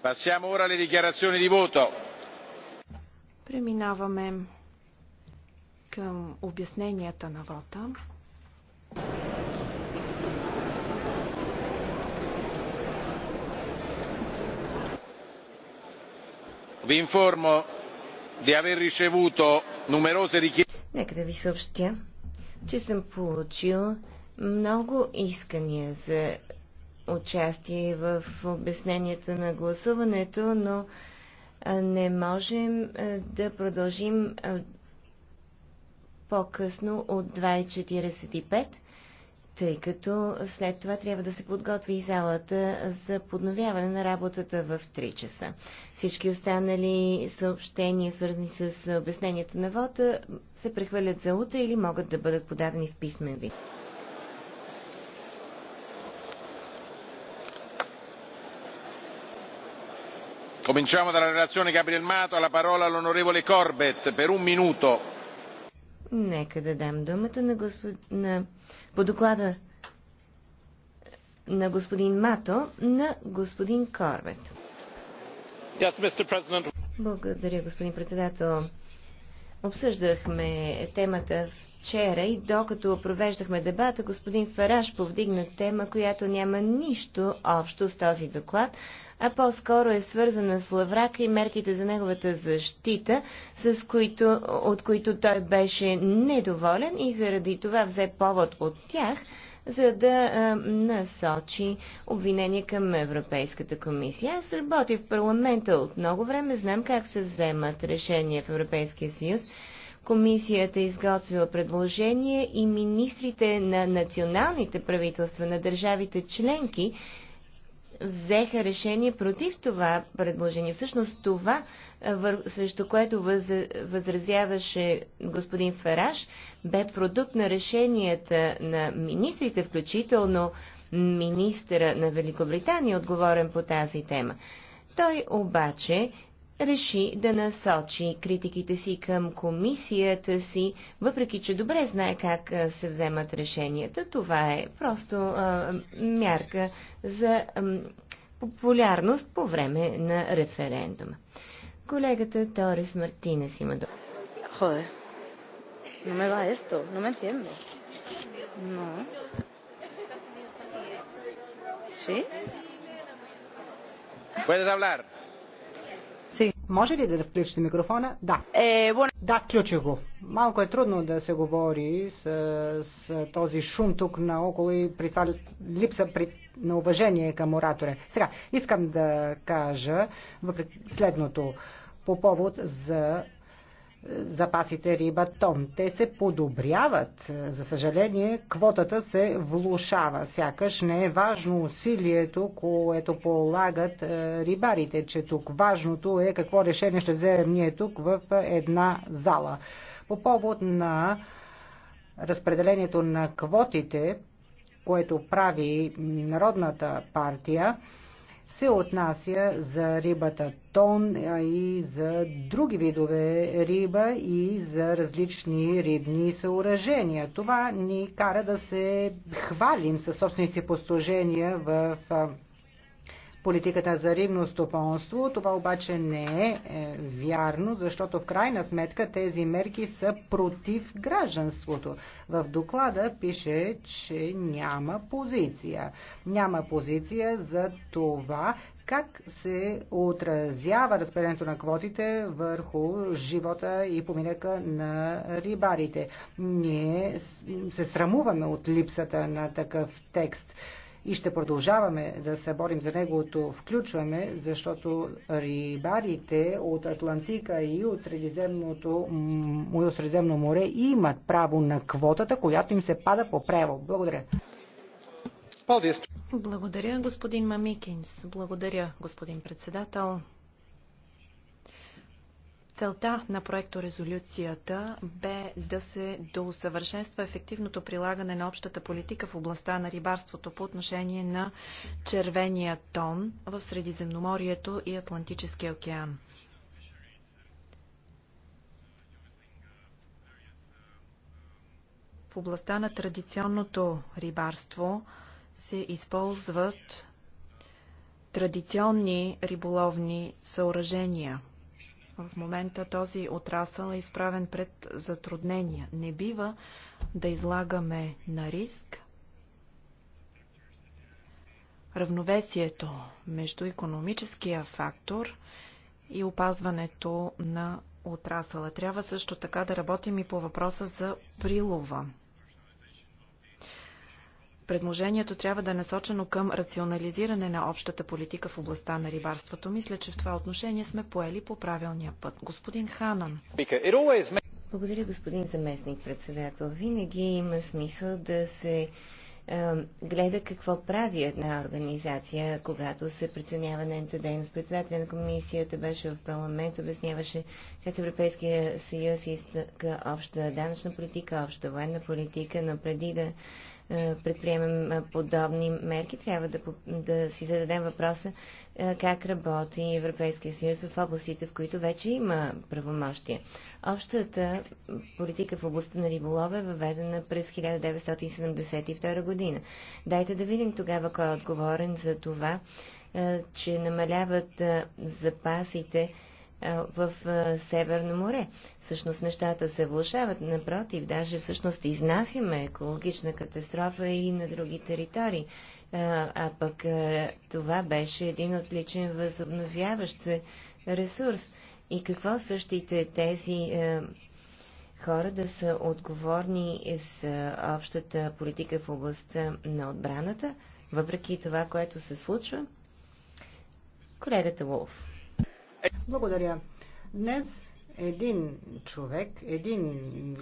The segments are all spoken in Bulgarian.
Passiamo ora alle dichiarazioni di voto. Преминаваме към обясненията на вота. Ви информо да aver ricevuto numerose richieste. Нека да ви съобщя, че съм получил много искания за участие в обясненията на гласуването, но не можем да продължим по-късно от 2.45, тъй като след това трябва да се подготви и залата за подновяване на работата в 3 часа. Всички останали съобщения, свързани с обясненията на вода, се прехвърлят за утре или могат да бъдат подадени в писмен вид. cominciamo dalla relazione gabriel mato alla parola l'onorevole corbett per un minuto нека да дам думата на, господин на... по доклада на господин Мато на господин Корбет. Yes, Благодаря, господин председател. Обсъждахме темата вчера и докато провеждахме дебата, господин Фараш повдигна тема, която няма нищо общо с този доклад, а по-скоро е свързана с Лаврака и мерките за неговата защита, с които, от които той беше недоволен и заради това взе повод от тях, за да а, насочи обвинение към Европейската комисия. Аз работя в парламента от много време, знам как се вземат решения в Европейския съюз. Комисията е изготвила предложение и министрите на националните правителства на държавите членки взеха решение против това предложение. Всъщност това, е, срещу което възразяваше господин Фараш, бе продукт на решенията на министрите, включително министъра на Великобритания, отговорен по тази тема. Той обаче реши да насочи критиките си към комисията си, въпреки че добре знае как се вземат решенията. Това е просто а, мярка за а, популярност по време на референдума. Колегата Торис Мартинес има до... Joder, no me va esto, no me enciende. No. ¿Sí? Puedes hablar. Може ли да включите микрофона? Да. Е, бон... Да, включи го. Малко е трудно да се говори с, с този шум тук наоколо и при това липса при, на уважение към оратора. Сега, искам да кажа въпреки следното по повод за запасите риба тон. Те се подобряват. За съжаление, квотата се влушава. Сякаш не е важно усилието, което полагат е, рибарите, че тук важното е какво решение ще вземем ние тук в една зала. По повод на разпределението на квотите, което прави Народната партия, се отнася за рибата тон, а и за други видове риба и за различни рибни съоръжения. Това ни кара да се хвалим със собствените си постижения в политиката за рибно стопонство. Това обаче не е, е вярно, защото в крайна сметка тези мерки са против гражданството. В доклада пише, че няма позиция. Няма позиция за това как се отразява разпределението на квотите върху живота и поминека на рибарите. Ние се срамуваме от липсата на такъв текст и ще продължаваме да се борим за неговото включваме, защото рибарите от Атлантика и от Средиземното, от Средиземно море имат право на квотата, която им се пада по право. Благодаря. Благодаря, господин Мамикинс. Благодаря, господин председател. Целта на проекторезолюцията бе да се доусъвършенства ефективното прилагане на общата политика в областта на рибарството по отношение на червения тон в Средиземноморието и Атлантическия океан. В областта на традиционното рибарство се използват традиционни риболовни съоръжения – в момента този отрасъл е изправен пред затруднения. Не бива да излагаме на риск равновесието между економическия фактор и опазването на отрасъла. Трябва също така да работим и по въпроса за прилова. Предложението трябва да е насочено към рационализиране на общата политика в областта на рибарството. Мисля, че в това отношение сме поели по правилния път. Господин Ханан. Благодаря, господин заместник председател. Винаги има смисъл да се е, гледа какво прави една организация, когато се преценява нейната дейност. Председателя на комисията беше в парламент, обясняваше как Европейския съюз иска обща данъчна политика, обща военна политика, но преди да е, предприемем е, подобни мерки, трябва да, да си зададем въпроса е, как работи Европейския съюз в областите, в които вече има правомощия. Общата политика в областта на риболова е въведена през 1972 година. Дайте да видим тогава кой е отговорен за това, че намаляват запасите в Северно море. Всъщност нещата се влушават, напротив, даже всъщност изнасяме екологична катастрофа и на други територии. А пък това беше един отличен възобновяващ се ресурс. И какво същите тези хора да са отговорни с общата политика в областта на отбраната, въпреки това, което се случва? Колегата Волф. Благодаря. Днес един човек, един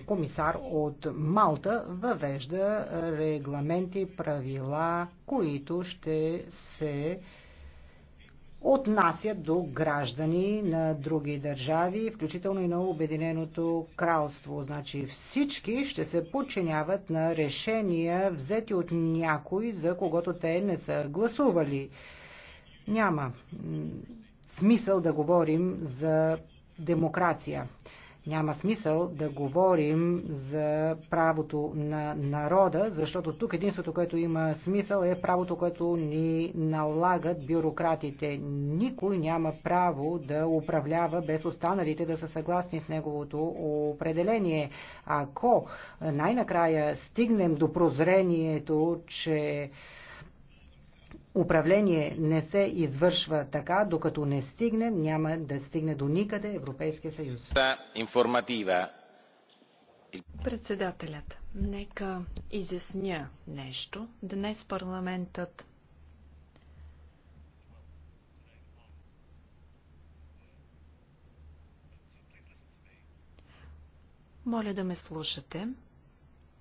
комисар от Малта въвежда регламенти, правила, които ще се отнасят до граждани на други държави, включително и на Обединеното кралство. Значи всички ще се подчиняват на решения, взети от някой, за когото те не са гласували. Няма смисъл да говорим за демокрация. Няма смисъл да говорим за правото на народа, защото тук единството, което има смисъл е правото, което ни налагат бюрократите. Никой няма право да управлява без останалите да са съгласни с неговото определение. Ако най-накрая стигнем до прозрението, че управление не се извършва така, докато не стигне, няма да стигне до никъде Европейския съюз. Информатива. Председателят, нека изясня нещо. Днес парламентът Моля да ме слушате,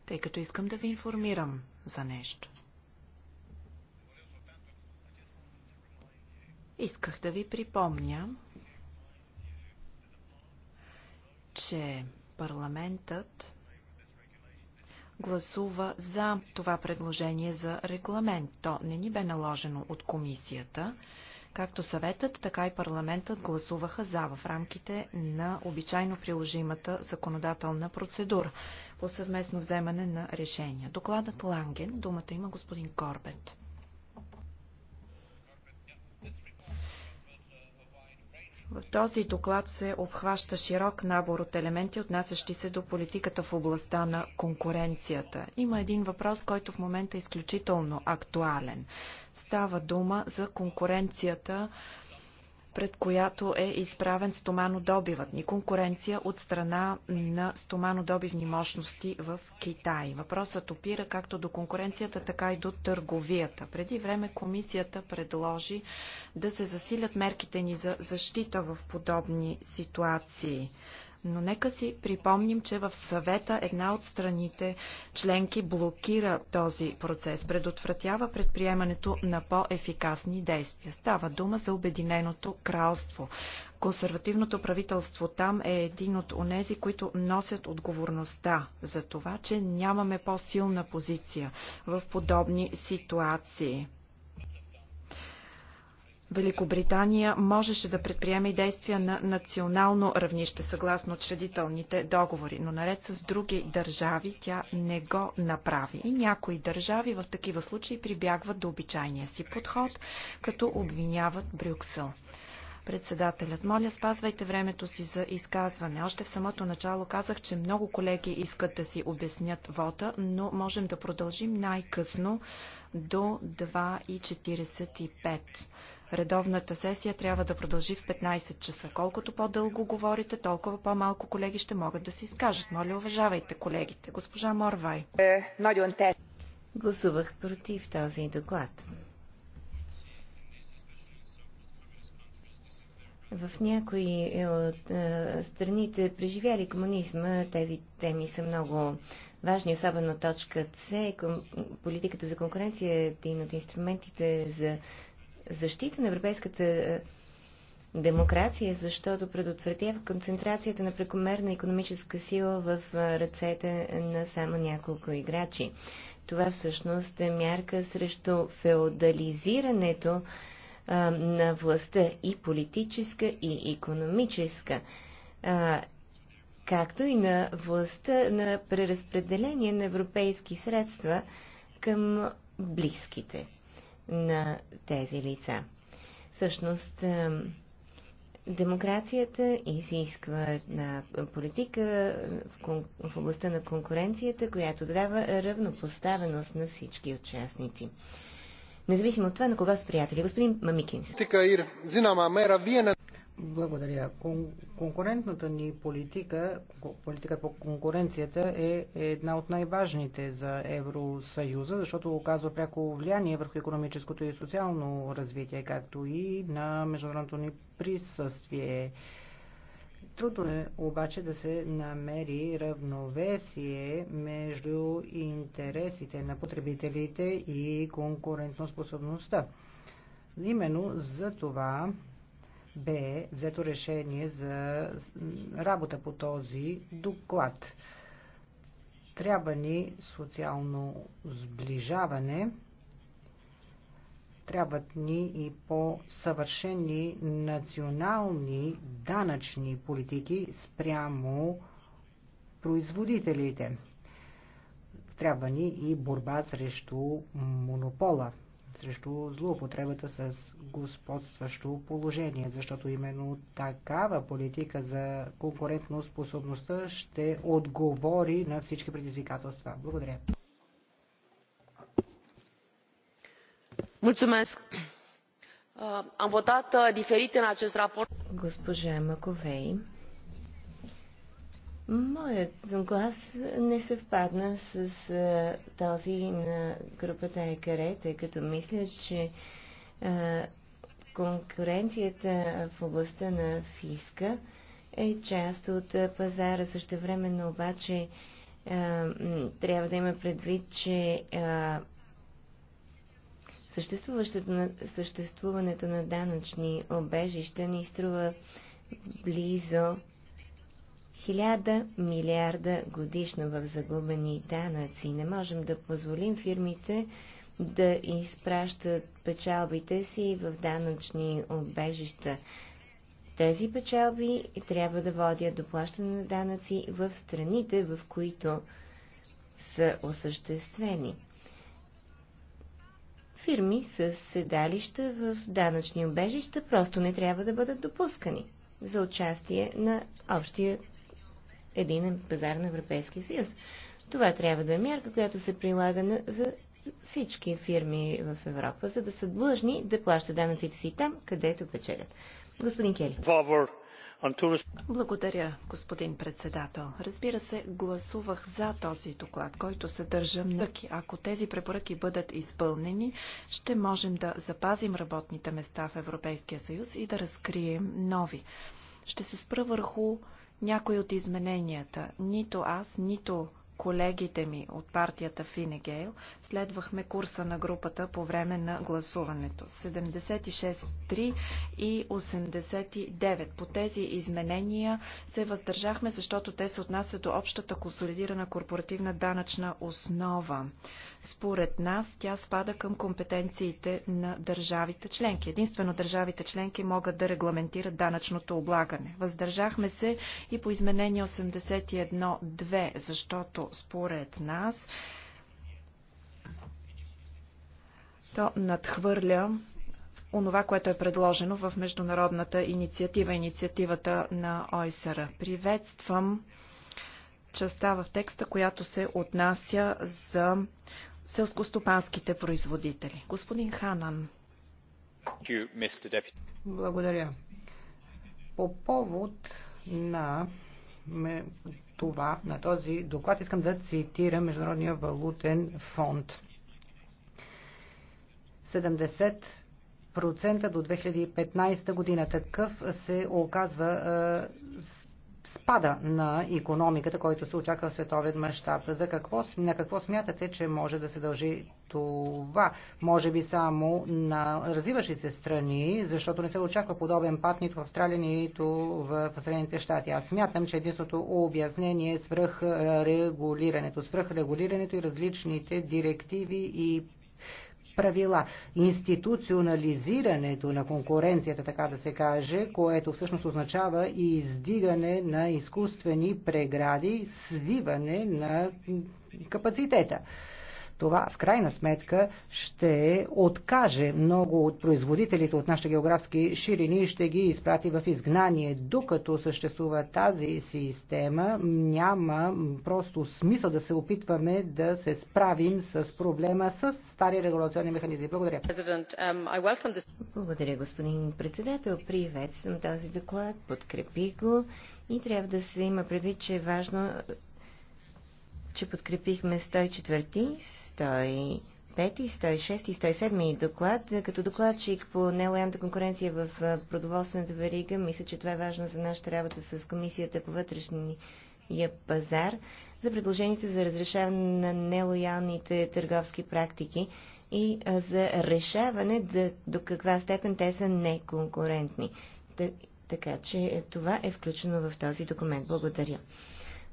тъй като искам да ви информирам за нещо. Исках да ви припомня, че парламентът гласува за това предложение за регламент. То не ни бе наложено от комисията. Както съветът, така и парламентът гласуваха за в рамките на обичайно приложимата законодателна процедура по съвместно вземане на решения. Докладът Ланген, думата има господин Корбет. В този доклад се обхваща широк набор от елементи, отнасящи се до политиката в областта на конкуренцията. Има един въпрос, който в момента е изключително актуален. Става дума за конкуренцията пред която е изправен стоманодобивът ни. Конкуренция от страна на стоманодобивни мощности в Китай. Въпросът опира както до конкуренцията, така и до търговията. Преди време комисията предложи да се засилят мерките ни за защита в подобни ситуации. Но нека си припомним, че в съвета една от страните членки блокира този процес, предотвратява предприемането на по-ефикасни действия. Става дума за Обединеното кралство. Консервативното правителство там е един от онези, които носят отговорността за това, че нямаме по-силна позиция в подобни ситуации. Великобритания можеше да предприеме действия на национално равнище, съгласно учредителните договори, но наред с други държави тя не го направи. И някои държави в такива случаи прибягват до обичайния си подход, като обвиняват Брюксел. Председателят, моля, спазвайте времето си за изказване. Още в самото начало казах, че много колеги искат да си обяснят вода, но можем да продължим най-късно до 2.45 Редовната сесия трябва да продължи в 15 часа. Колкото по-дълго говорите, толкова по-малко колеги ще могат да се изкажат. Моля, уважавайте колегите. Госпожа Морвай. Е, Гласувах против този доклад. В някои е, от е, страните, преживяли комунизма, тези теми са много важни, особено точка С. Ком, политиката за конкуренция е един от инструментите за защита на европейската е, демокрация, защото предотвратява концентрацията на прекомерна економическа сила в е, ръцете на само няколко играчи. Това всъщност е мярка срещу феодализирането а, е, на властта и политическа, и економическа, а, както и на властта на преразпределение на европейски средства към близките на тези лица. Всъщност, демокрацията изисква на политика в областта на конкуренцията, която дава равнопоставеност на всички участници. Независимо от това, на кога са приятели. Господин Мамикин, на благодаря. Кон- конкурентната ни политика, политика по конкуренцията е една от най-важните за Евросъюза, защото оказва пряко влияние върху економическото и социално развитие, както и на международното ни присъствие. Трудно е обаче да се намери равновесие между интересите на потребителите и конкурентоспособността. Именно за това бе взето решение за работа по този доклад. Трябва ни социално сближаване, трябват ни и по-съвършени национални данъчни политики спрямо производителите. Трябва ни и борба срещу монопола срещу злоупотребата с господстващо положение, защото именно такава политика за конкурентно способността ще отговори на всички предизвикателства. Благодаря. Mulțumesc. Am votat diferit în acest raport. Госпожа Маковей, Моят глас не съвпадна с а, този на групата Екаре, тъй като мисля, че а, конкуренцията в областта на фиска е част от а, пазара. Същевременно обаче а, трябва да има предвид, че а, съществуването, съществуването на данъчни обежища ни струва близо Хиляда милиарда годишно в загубени данъци. Не можем да позволим фирмите да изпращат печалбите си в данъчни обежища. Тези печалби трябва да водят до плащане на данъци в страните, в които са осъществени. Фирми с седалища в данъчни обежища просто не трябва да бъдат допускани за участие на общия един пазар на Европейския съюз. Това трябва да е мярка, която се прилага на, за всички фирми в Европа, за да са длъжни да плащат данъците си там, където печелят. Господин Кели. Благодаря, господин председател. Разбира се, гласувах за този доклад, който съдържа мъки. Ако тези препоръки бъдат изпълнени, ще можем да запазим работните места в Европейския съюз и да разкрием нови. Ще се спра върху някои от измененията. Нито аз, нито колегите ми от партията Финегейл следвахме курса на групата по време на гласуването. 76, 3 и 89. По тези изменения се въздържахме, защото те се отнасят до общата консолидирана корпоративна данъчна основа. Според нас тя спада към компетенциите на държавите членки. Единствено държавите членки могат да регламентират данъчното облагане. Въздържахме се и по изменение 81.2, защото според нас то надхвърля онова, което е предложено в международната инициатива, инициативата на ОИСР. Приветствам частта в текста, която се отнася за селскостопанските производители. Господин Ханан. Благодаря. По повод на това, на този доклад искам да цитирам Международния валутен фонд. 70 до 2015 година. Такъв се оказва спада на економиката, който се очаква в световен мащаб. За какво, на какво смятате, че може да се дължи това? Може би само на развиващите страни, защото не се очаква подобен пат нито в Австралия, нито в Съединените щати. Аз смятам, че единството обяснение е свръхрегулирането. Свръхрегулирането и различните директиви и правила. Институционализирането на конкуренцията, така да се каже, което всъщност означава и издигане на изкуствени прегради, свиване на капацитета. Това в крайна сметка ще откаже много от производителите от нашите географски ширини и ще ги изпрати в изгнание. Докато съществува тази система, няма просто смисъл да се опитваме да се справим с проблема с стари регулационни механизми. Благодаря. Um, Благодаря, господин председател. Приветствам този доклад, подкрепи го и трябва да се има предвид, че е важно че подкрепихме 104 105, 106 и 107 доклад. Като докладчик по нелоялната конкуренция в продоволствената верига, мисля, че това е важно за нашата работа с Комисията по вътрешния пазар за предложенията за разрешаване на нелоялните търговски практики и за решаване да, до каква степен те са неконкурентни. Така че това е включено в този документ. Благодаря.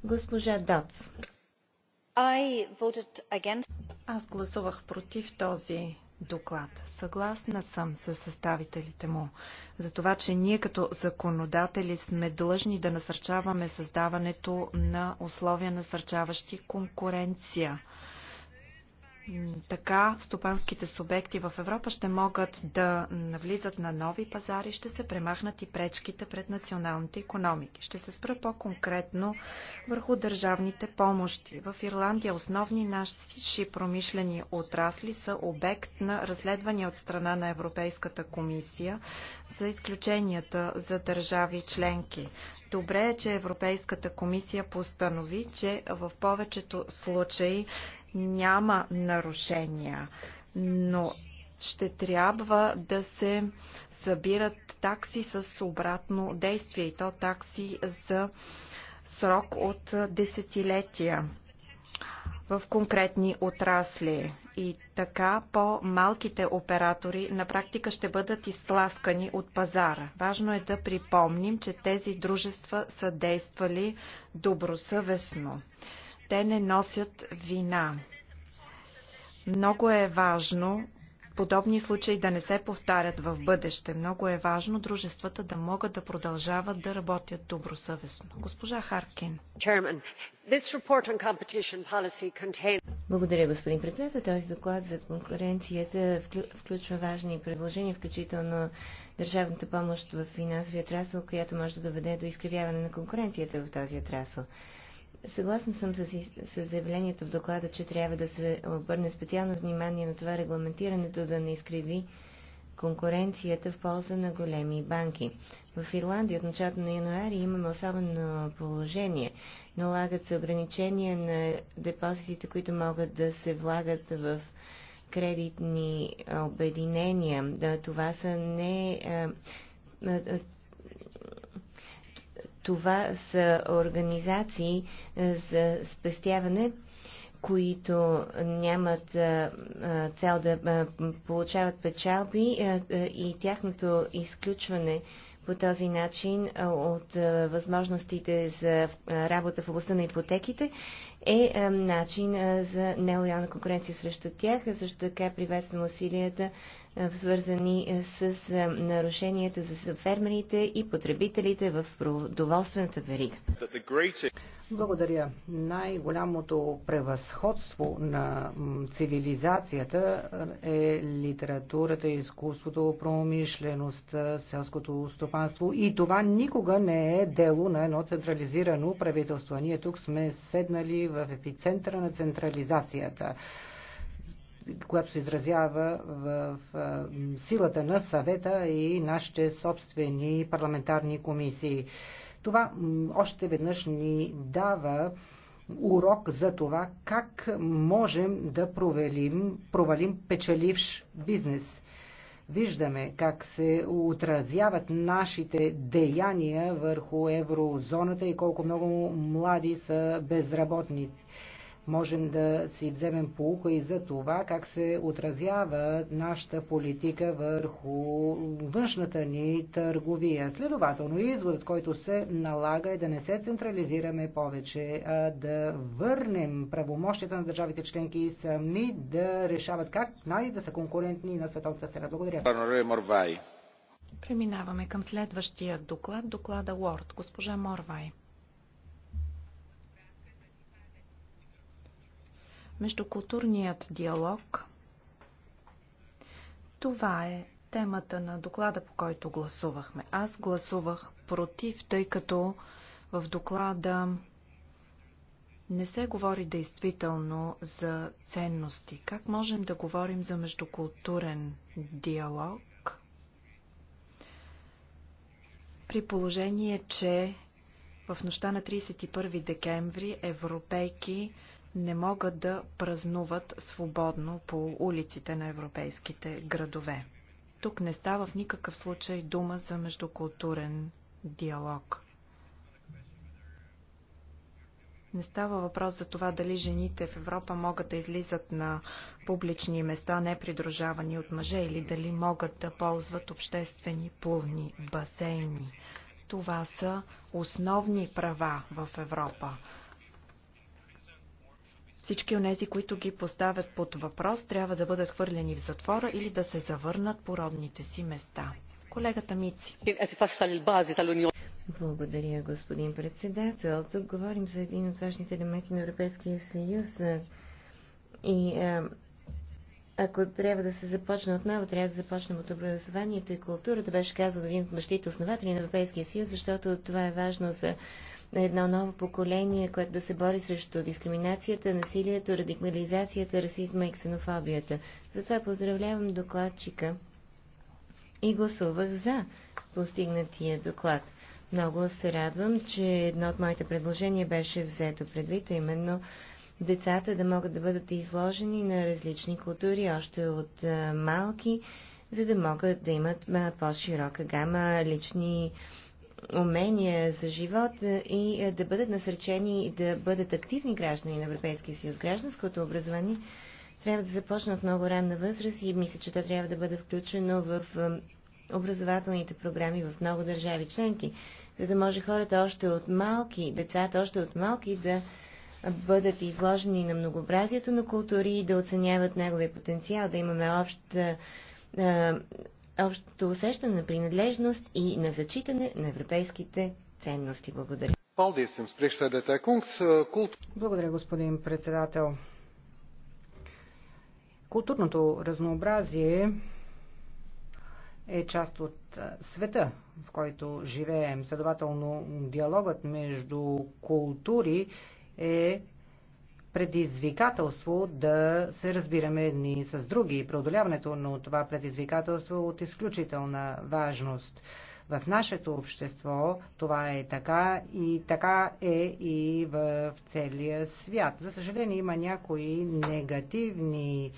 Госпожа Доц. Аз гласувах против този доклад. Съгласна съм с съставителите му за това, че ние като законодатели сме длъжни да насърчаваме създаването на условия насърчаващи конкуренция. Така стопанските субекти в Европа ще могат да навлизат на нови пазари, ще се премахнат и пречките пред националните економики. Ще се спра по-конкретно върху държавните помощи. В Ирландия основни наши промишлени отрасли са обект на разследвания от страна на Европейската комисия за изключенията за държави членки. Добре е, че Европейската комисия постанови, че в повечето случаи няма нарушения, но ще трябва да се събират такси с обратно действие и то такси за срок от десетилетия в конкретни отрасли. И така по-малките оператори на практика ще бъдат изтласкани от пазара. Важно е да припомним, че тези дружества са действали добросъвестно. Те не носят вина. Много е важно подобни случаи да не се повтарят в бъдеще. Много е важно дружествата да могат да продължават да работят добросъвестно. Госпожа Харкин. Благодаря, господин председател. Този доклад за конкуренцията включва важни предложения, включително държавната помощ в финансовия отрасъл, която може да доведе до изкривяване на конкуренцията в този отрасъл. Съгласна съм с, с заявлението в доклада, че трябва да се обърне специално внимание на това регламентирането да не изкриви конкуренцията в полза на големи банки. В Ирландия от началото на януари имаме особено положение. Налагат се ограничения на депозитите, които могат да се влагат в кредитни обединения. Да, това са не това са организации е, за спестяване, които нямат е, е, цел да получават печалби и тяхното изключване по този начин от възможностите за работа в областта на ипотеките е начин за нелоялна конкуренция срещу тях. Също така приветствам усилията свързани с нарушенията за фермерите и потребителите в продоволствената верига. Благодаря. Най-голямото превъзходство на цивилизацията е литературата, изкуството, промишлеността, селското стопанство и това никога не е дело на едно централизирано правителство. Ние тук сме седнали в епицентъра на централизацията която се изразява в силата на съвета и нашите собствени парламентарни комисии. Това още веднъж ни дава урок за това как можем да провалим, провалим печеливш бизнес. Виждаме как се отразяват нашите деяния върху еврозоната и колко много млади са безработни можем да си вземем полука и за това как се отразява нашата политика върху външната ни търговия. Следователно, изводът, който се налага е да не се централизираме повече, а да върнем правомощията на държавите членки и сами да решават как най- да са конкурентни на световната сцена. Благодаря. Преминаваме към следващия доклад, доклада Лорд. Госпожа Морвай. Междукултурният диалог. Това е темата на доклада, по който гласувахме. Аз гласувах против, тъй като в доклада не се говори действително за ценности. Как можем да говорим за междукултурен диалог, при положение, че в нощта на 31 декември европейки не могат да празнуват свободно по улиците на европейските градове. Тук не става в никакъв случай дума за междукултурен диалог. Не става въпрос за това дали жените в Европа могат да излизат на публични места, непридружавани от мъже, или дали могат да ползват обществени плувни басейни. Това са основни права в Европа. Всички тези, които ги поставят под въпрос, трябва да бъдат хвърлени в затвора или да се завърнат по родните си места. Колегата Мици. Благодаря, господин председател. Тук говорим за един от важните елементи на Европейския съюз. И а, ако трябва да се започне отново, трябва да започнем от образованието и културата, беше казал един от мъжтите основатели на Европейския съюз, защото това е важно за на едно ново поколение, което да се бори срещу дискриминацията, насилието, радикализацията, расизма и ксенофобията. Затова поздравлявам докладчика и гласувах за постигнатия доклад. Много се радвам, че едно от моите предложения беше взето предвид, а именно децата да могат да бъдат изложени на различни култури още от малки, за да могат да имат по-широка гама лични умения за живот и е, да бъдат насречени да бъдат активни граждани на Европейския съюз. Гражданското образование трябва да започне от много ранна възраст и мисля, че то трябва да бъде включено в е, образователните програми в много държави членки, за да може хората още от малки, децата още от малки да бъдат изложени на многообразието на култури и да оценяват неговия потенциал, да имаме обща е, общото усещане на принадлежност и на зачитане на европейските ценности. Благодаря. Благодаря, господин председател. Културното разнообразие е част от света, в който живеем. Следователно, диалогът между култури е предизвикателство да се разбираме едни с други. Преодоляването на това предизвикателство е от изключителна важност. В нашето общество това е така и така е и в целия свят. За съжаление има някои негативни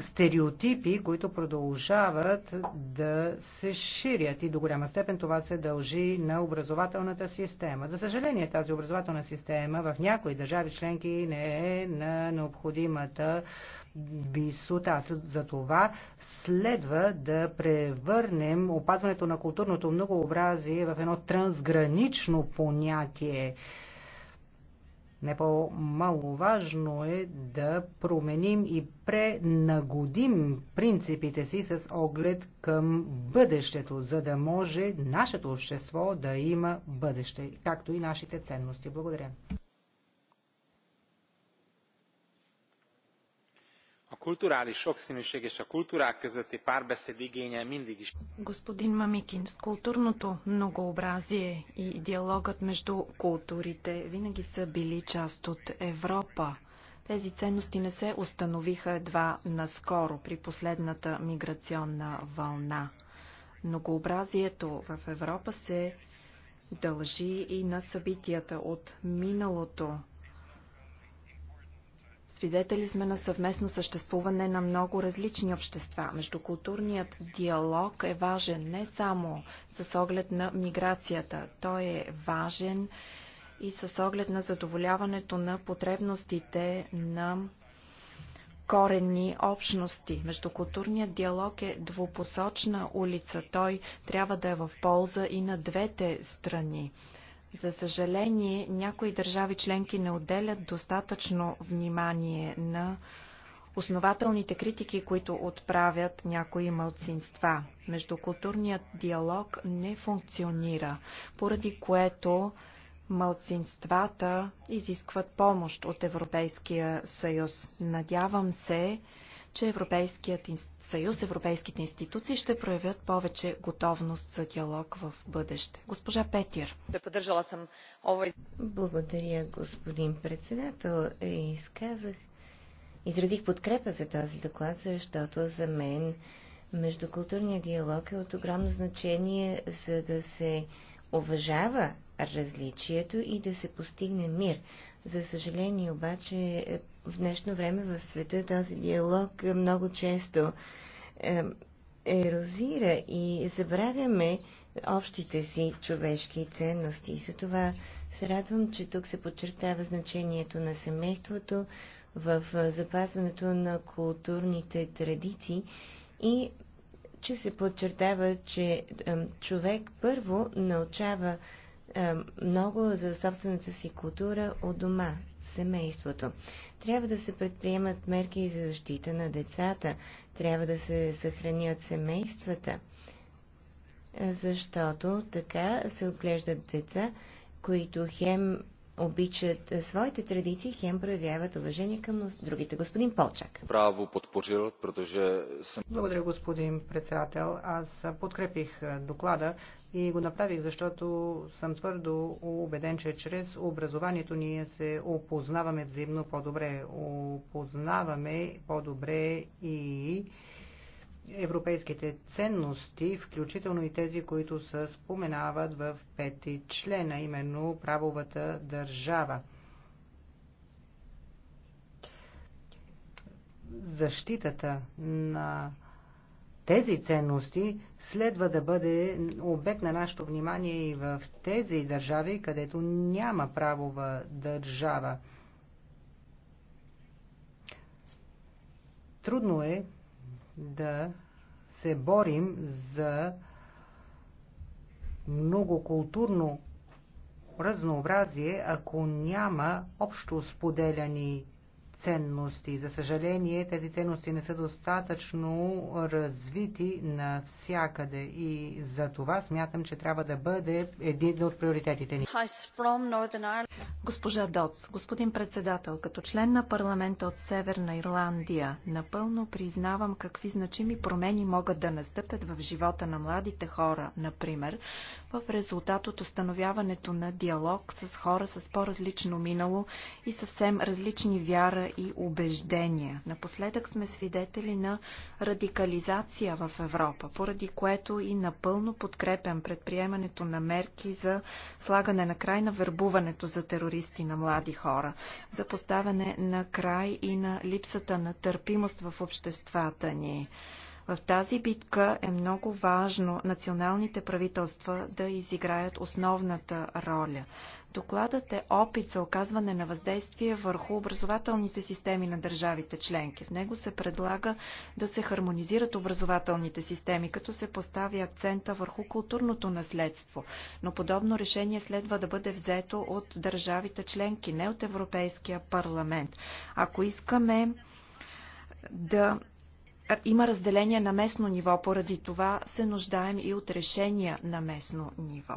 стереотипи, които продължават да се ширят и до голяма степен това се дължи на образователната система. За съжаление, тази образователна система в някои държави членки не е на необходимата висота. За това следва да превърнем опазването на културното многообразие в едно трансгранично понятие. Не по-маловажно е да променим и пренагодим принципите си с оглед към бъдещето, за да може нашето общество да има бъдеще, както и нашите ценности. Благодаря. kulturális soksznűség és a kultúrák közötti párbeszéd igénye mindig is. Господин с културното многообразие и диалогът между културите винаги са били част от Европа. Тези ценности не се установиха едва наскоро при последната миграционна вълна. Многообразието в Европа се дължи и на събитията от миналото, Свидетели сме на съвместно съществуване на много различни общества. Междукултурният диалог е важен не само с оглед на миграцията. Той е важен и с оглед на задоволяването на потребностите на коренни общности. Междукултурният диалог е двупосочна улица. Той трябва да е в полза и на двете страни. За съжаление, някои държави членки не отделят достатъчно внимание на основателните критики, които отправят някои мълцинства. Междукултурният диалог не функционира, поради което мълцинствата изискват помощ от Европейския съюз. Надявам се, че Европейският съюз, европейските институции ще проявят повече готовност за диалог в бъдеще. Госпожа Петир. Поддържала съм Благодаря, господин председател. Е, изказах, изредих подкрепа за този доклад, защото за мен междукултурният диалог е от огромно значение, за да се уважава различието и да се постигне мир. За съжаление обаче в днешно време в света този диалог много често ерозира и забравяме общите си човешки ценности. И за това се радвам, че тук се подчертава значението на семейството в е, запазването на културните традиции и че се подчертава, че човек първо научава е, много за собствената си култура от дома, в семейството. Трябва да се предприемат мерки за защита на децата, трябва да се съхранят семействата, е, защото така се отглеждат деца, които хем обичат е, своите традиции, хем проявяват уважение към другите. Господин Полчак. Право подпожил, protože съм... Благодаря, господин председател. Аз подкрепих е, доклада и го направих, защото съм твърдо убеден, че чрез образованието ние се опознаваме взаимно по-добре. Опознаваме по-добре и европейските ценности, включително и тези, които се споменават в пети члена, именно правовата държава. Защитата на тези ценности следва да бъде обект на нашето внимание и в тези държави, където няма правова държава. Трудно е да се борим за многокултурно разнообразие, ако няма общо споделяни ценности. За съжаление, тези ценности не са достатъчно развити навсякъде и за това смятам, че трябва да бъде един от приоритетите ни. Госпожа Доц, господин председател, като член на парламента от Северна Ирландия, напълно признавам какви значими промени могат да настъпят в живота на младите хора, например, в резултат от установяването на диалог с хора с по-различно минало и съвсем различни вяра и убеждения. Напоследък сме свидетели на радикализация в Европа, поради което и напълно подкрепям предприемането на мерки за слагане на край на вербуването за терористи на млади хора, за поставяне на край и на липсата на търпимост в обществата ни. В тази битка е много важно националните правителства да изиграят основната роля. Докладът е опит за оказване на въздействие върху образователните системи на държавите членки. В него се предлага да се хармонизират образователните системи, като се постави акцента върху културното наследство. Но подобно решение следва да бъде взето от държавите членки, не от Европейския парламент. Ако искаме да има разделение на местно ниво, поради това се нуждаем и от решения на местно ниво.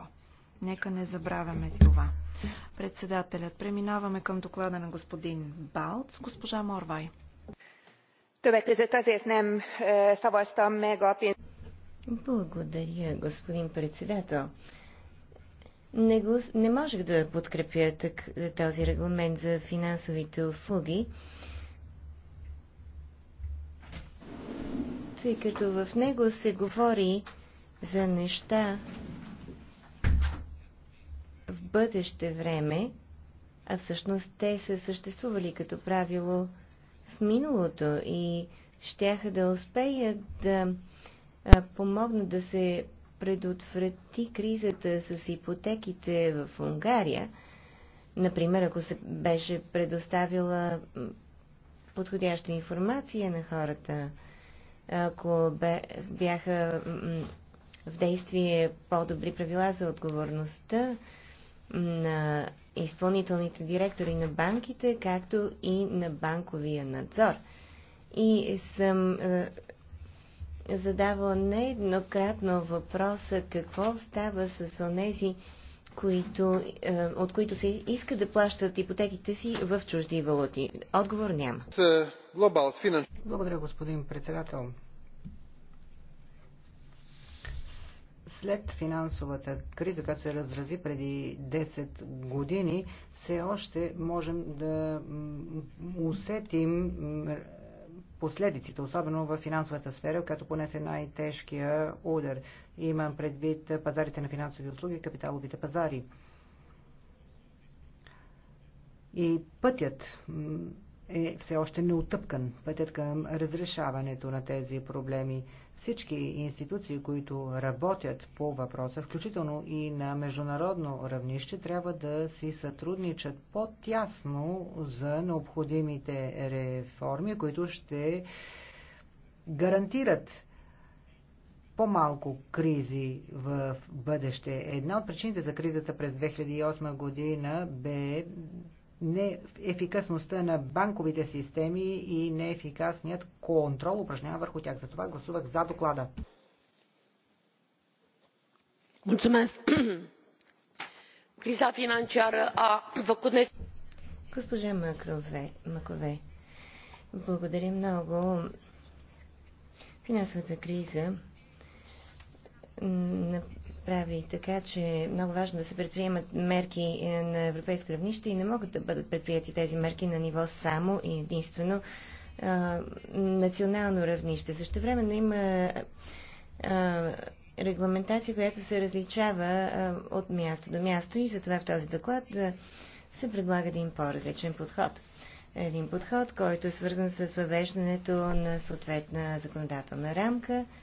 Нека не забравяме това. Председателят. Преминаваме към доклада на господин Балц. Госпожа Морвай. Е, Благодаря, господин председател. Не, глас... не можех да подкрепя так... този регламент за финансовите услуги, тъй като в него се говори за неща, бъдеще време, а всъщност те са съществували като правило в миналото и щяха да успеят да помогнат да се предотврати кризата с ипотеките в Унгария, например, ако се беше предоставила подходяща информация на хората, ако бяха в действие по-добри правила за отговорността, на изпълнителните директори на банките, както и на банковия надзор. И съм е, задавала нееднократно въпроса какво става с онези, които, е, от които се искат да плащат ипотеките си в чужди валути. Отговор няма. Е, Благодаря, господин председател. След финансовата криза, която се разрази преди 10 години, все още можем да усетим последиците, особено в финансовата сфера, която понесе най-тежкия удар. Имам предвид пазарите на финансови услуги, и капиталовите пазари. И пътят е все още неотъпкан пътят към разрешаването на тези проблеми. Всички институции, които работят по въпроса, включително и на международно равнище, трябва да си сътрудничат по-тясно за необходимите реформи, които ще гарантират по-малко кризи в бъдеще. Една от причините за кризата през 2008 година бе неефикасността на банковите системи и неефикасният контрол упражнява върху тях. Затова гласувах за доклада. Mulțumesc. Criza financiară a făcut ne... Госпожа Макове, Макове, благодаря много. Финансовата криза на прави така, че е много важно да се предприемат мерки е, на европейско равнище и не могат да бъдат предприяти тези мерки на ниво само и единствено а, е, национално равнище. Също времено има а, е, регламентация, която се различава а, от място до място и затова в този доклад да се предлага един по-различен подход. Един подход, който е свързан с въвеждането на съответна законодателна рамка –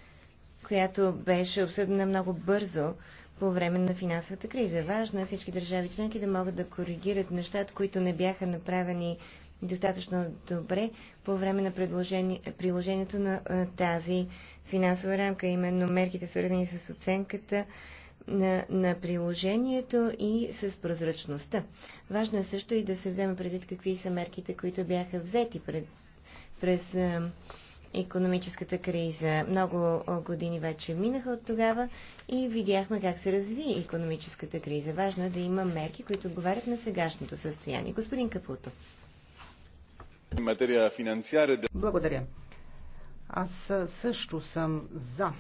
която беше обсъдена много бързо по време на финансовата криза. Важно е всички държави членки да могат да коригират нещата, които не бяха направени достатъчно добре по време на приложението на тази финансова рамка, именно мерките свързани с оценката на, на приложението и с прозрачността. Важно е също и да се вземе предвид какви са мерките, които бяха взети пред, през економическата криза. Много години вече минаха от тогава и видяхме как се разви економическата криза. Важно е да има мерки, които отговарят на сегашното състояние. Господин Капуто. Благодаря. Аз също съм за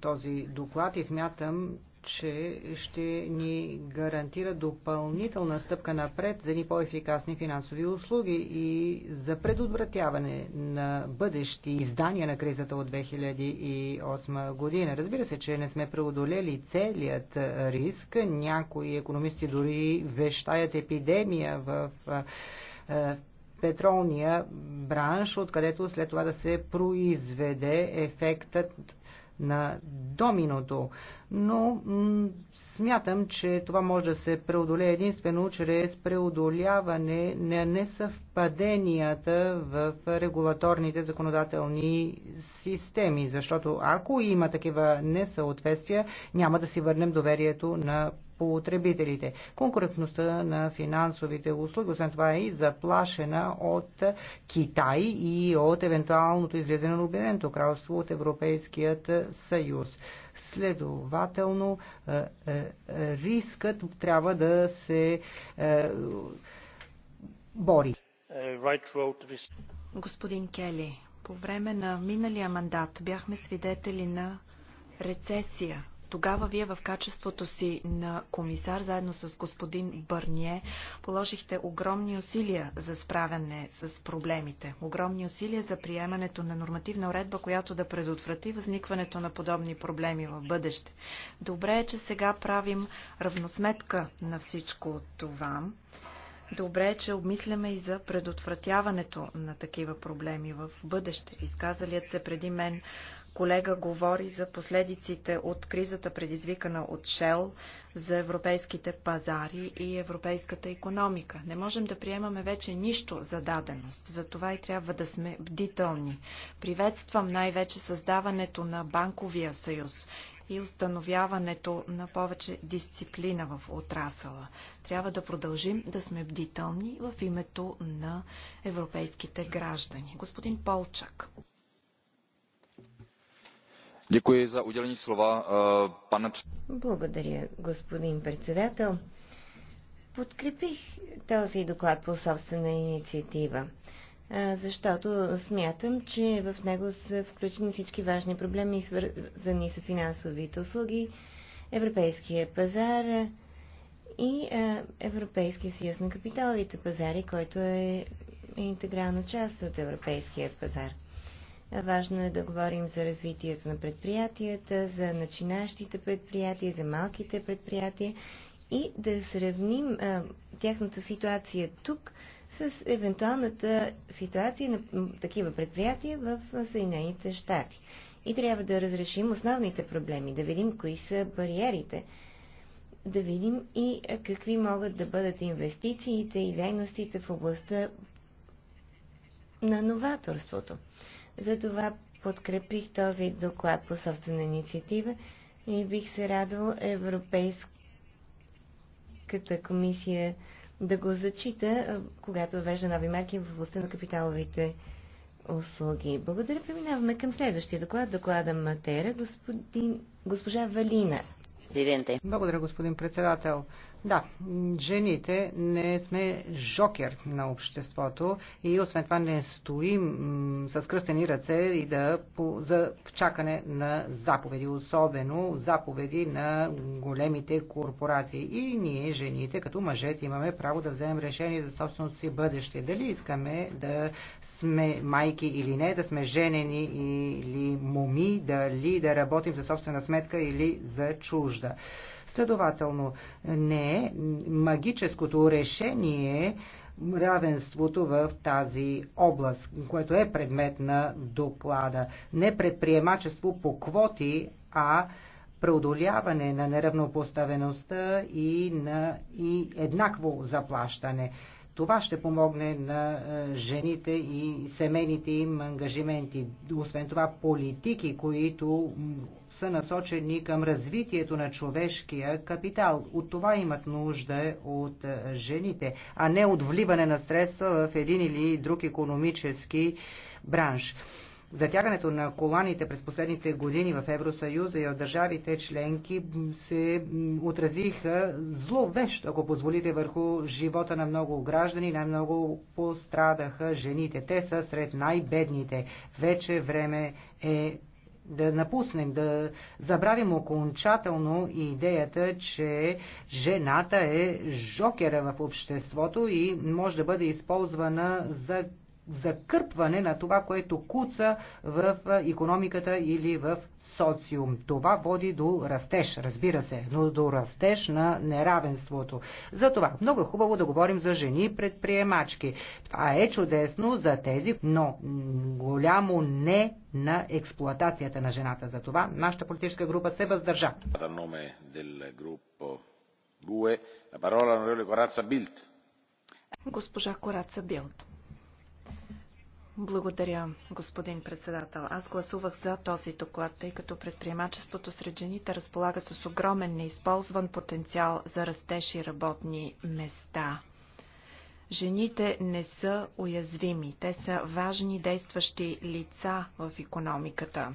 този доклад и смятам, че ще ни гарантира допълнителна стъпка напред за ни по-ефикасни финансови услуги и за предотвратяване на бъдещи издания на кризата от 2008 година. Разбира се, че не сме преодолели целият риск. Някои економисти дори вещаят епидемия в е, петролния бранш, откъдето след това да се произведе ефектът на доминото. Но смятам, че това може да се преодолее единствено чрез преодоляване на несъвпаденията в регулаторните законодателни системи, защото ако има такива несъответствия, няма да си върнем доверието на потребителите. Конкурентността на финансовите услуги, освен това е и заплашена от Китай и от евентуалното излезене на Обединеното кралство от Европейският съюз. Следователно, е, е, рискът трябва да се е, бори. Господин Кели, по време на миналия мандат бяхме свидетели на рецесия тогава вие в качеството си на комисар, заедно с господин Бърние, положихте огромни усилия за справяне с проблемите. Огромни усилия за приемането на нормативна уредба, която да предотврати възникването на подобни проблеми в бъдеще. Добре е, че сега правим равносметка на всичко това. Добре е, че обмисляме и за предотвратяването на такива проблеми в бъдеще. Изказалият се преди мен колега говори за последиците от кризата, предизвикана от Шел за европейските пазари и европейската економика. Не можем да приемаме вече нищо за даденост. Затова и трябва да сме бдителни. Приветствам най-вече създаването на Банковия съюз и установяването на повече дисциплина в отрасъла. Трябва да продължим да сме бдителни в името на европейските граждани. Господин Полчак. Eh, Благодаря, господин председател. Подкрепих този доклад по собствена инициатива, защото смятам, че в него са включени всички важни проблеми, свързани с финансовите услуги, европейския пазар и Европейския съюз на капиталовите пазари, който е, е интегрална част от европейския пазар. Важно е да говорим за развитието на предприятията, за начинащите предприятия, за малките предприятия и да сравним а, тяхната ситуация тук с евентуалната ситуация на такива предприятия в Съединените щати. И трябва да разрешим основните проблеми, да видим кои са бариерите, да видим и какви могат да бъдат инвестициите и дейностите в областта на новаторството. Затова подкрепих този доклад по собствена инициатива и бих се радвал Европейската комисия да го зачита, когато въвежда нови мерки в областта на капиталовите услуги. Благодаря. Преминаваме към следващия доклад. Доклада Матера, господин, госпожа Валина. Благодаря, господин председател. Да, жените не сме жокер на обществото и освен това не стоим с кръстени ръце и да, по, за чакане на заповеди, особено заповеди на големите корпорации. И ние, жените, като мъжете, имаме право да вземем решение за собственото си бъдеще. Дали искаме да сме майки или не, да сме женени или моми, дали да работим за собствена сметка или за чужда. Следователно, не е магическото решение равенството в тази област, което е предмет на доклада. Не предприемачество по квоти, а преодоляване на неравнопоставеността и на и еднакво заплащане. Това ще помогне на е, жените и семейните им ангажименти. Освен това, политики, които са насочени към развитието на човешкия капитал. От това имат нужда от жените, а не от вливане на средства в един или друг економически бранш. Затягането на коланите през последните години в Евросъюза и от държавите членки се отразиха зловещ, ако позволите, върху живота на много граждани. Най-много пострадаха жените. Те са сред най-бедните. Вече време е да напуснем, да забравим окончателно идеята, че жената е жокера в обществото и може да бъде използвана за закърпване на това, което куца в економиката или в социум. Това води до растеж, разбира се, но до растеж на неравенството. Затова много е хубаво да говорим за жени предприемачки. Това е чудесно за тези, но голямо не на експлоатацията на жената. Затова нашата политическа група се въздържа. Госпожа Кораца Билт. Благодаря, господин председател. Аз гласувах за този доклад, тъй като предприемачеството сред жените разполага с огромен неизползван потенциал за растеж и работни места. Жените не са уязвими, те са важни действащи лица в економиката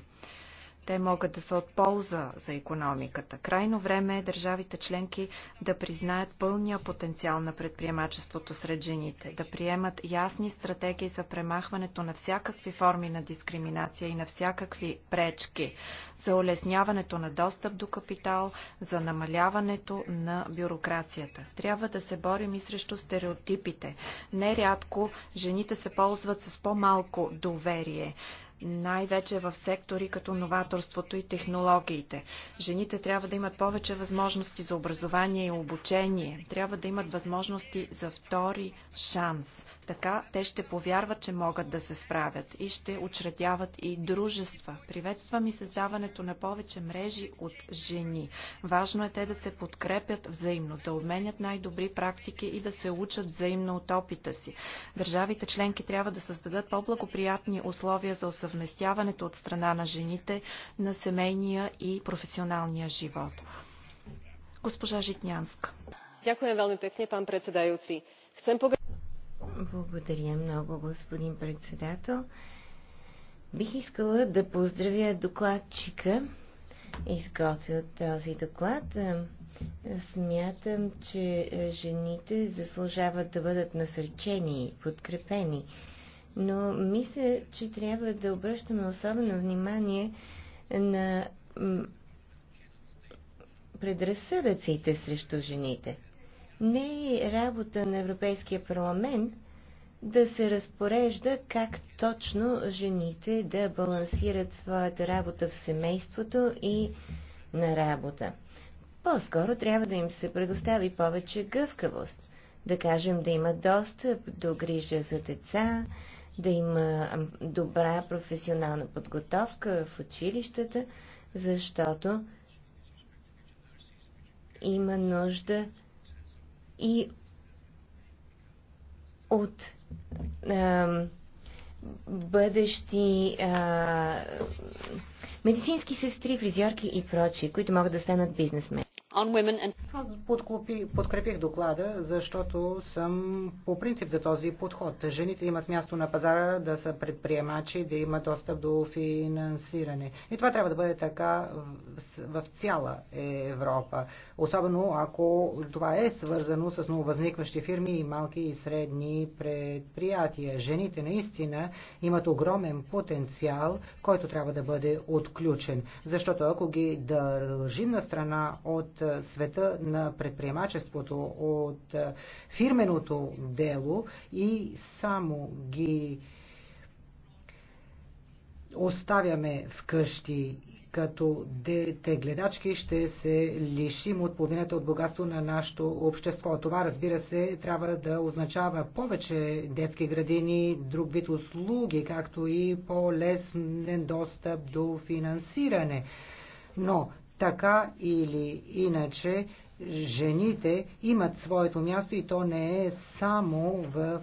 те могат да са от полза за економиката. Крайно време е държавите членки да признаят пълния потенциал на предприемачеството сред жените, да приемат ясни стратегии за премахването на всякакви форми на дискриминация и на всякакви пречки, за улесняването на достъп до капитал, за намаляването на бюрокрацията. Трябва да се борим и срещу стереотипите. Нерядко жените се ползват с по-малко доверие най-вече в сектори като новаторството и технологиите. Жените трябва да имат повече възможности за образование и обучение. Трябва да имат възможности за втори шанс. Така те ще повярват, че могат да се справят и ще учредяват и дружества. Приветствам и създаването на повече мрежи от жени. Важно е те да се подкрепят взаимно, да обменят най-добри практики и да се учат взаимно от опита си. Държавите членки трябва да създадат по-благоприятни условия за усъвършенство съвместяването от страна на жените на семейния и професионалния живот. Госпожа Житнянска. Дякуем велми пекне, пан председаюци. Хцем Благодаря много, господин председател. Бих искала да поздравя докладчика, изготвил този доклад. Смятам, че жените заслужават да бъдат насърчени и подкрепени но мисля, че трябва да обръщаме особено внимание на предразсъдъците срещу жените. Не е работа на Европейския парламент да се разпорежда как точно жените да балансират своята работа в семейството и на работа. По-скоро трябва да им се предостави повече гъвкавост. Да кажем да има достъп до грижа за деца, да има добра професионална подготовка в училищата, защото има нужда и от а, бъдещи а, медицински сестри, фризьорки и прочи, които могат да станат бизнесмени. Аз подкрепих доклада, защото съм по принцип за този подход. Жените имат място на пазара да са предприемачи, да имат достъп до финансиране. И това трябва да бъде така в, в цяла Европа. Особено ако това е свързано с нововъзникващи фирми и малки и средни предприятия. Жените наистина имат огромен потенциал, който трябва да бъде отключен. Защото ако ги държим на страна от света на предприемачеството, от фирменото дело и само ги оставяме вкъщи като дете гледачки ще се лишим от половината от богатство на нашето общество. Това, разбира се, трябва да означава повече детски градини, друг вид услуги, както и по-лесен достъп до финансиране. Но така или иначе, жените имат своето място и то не е само в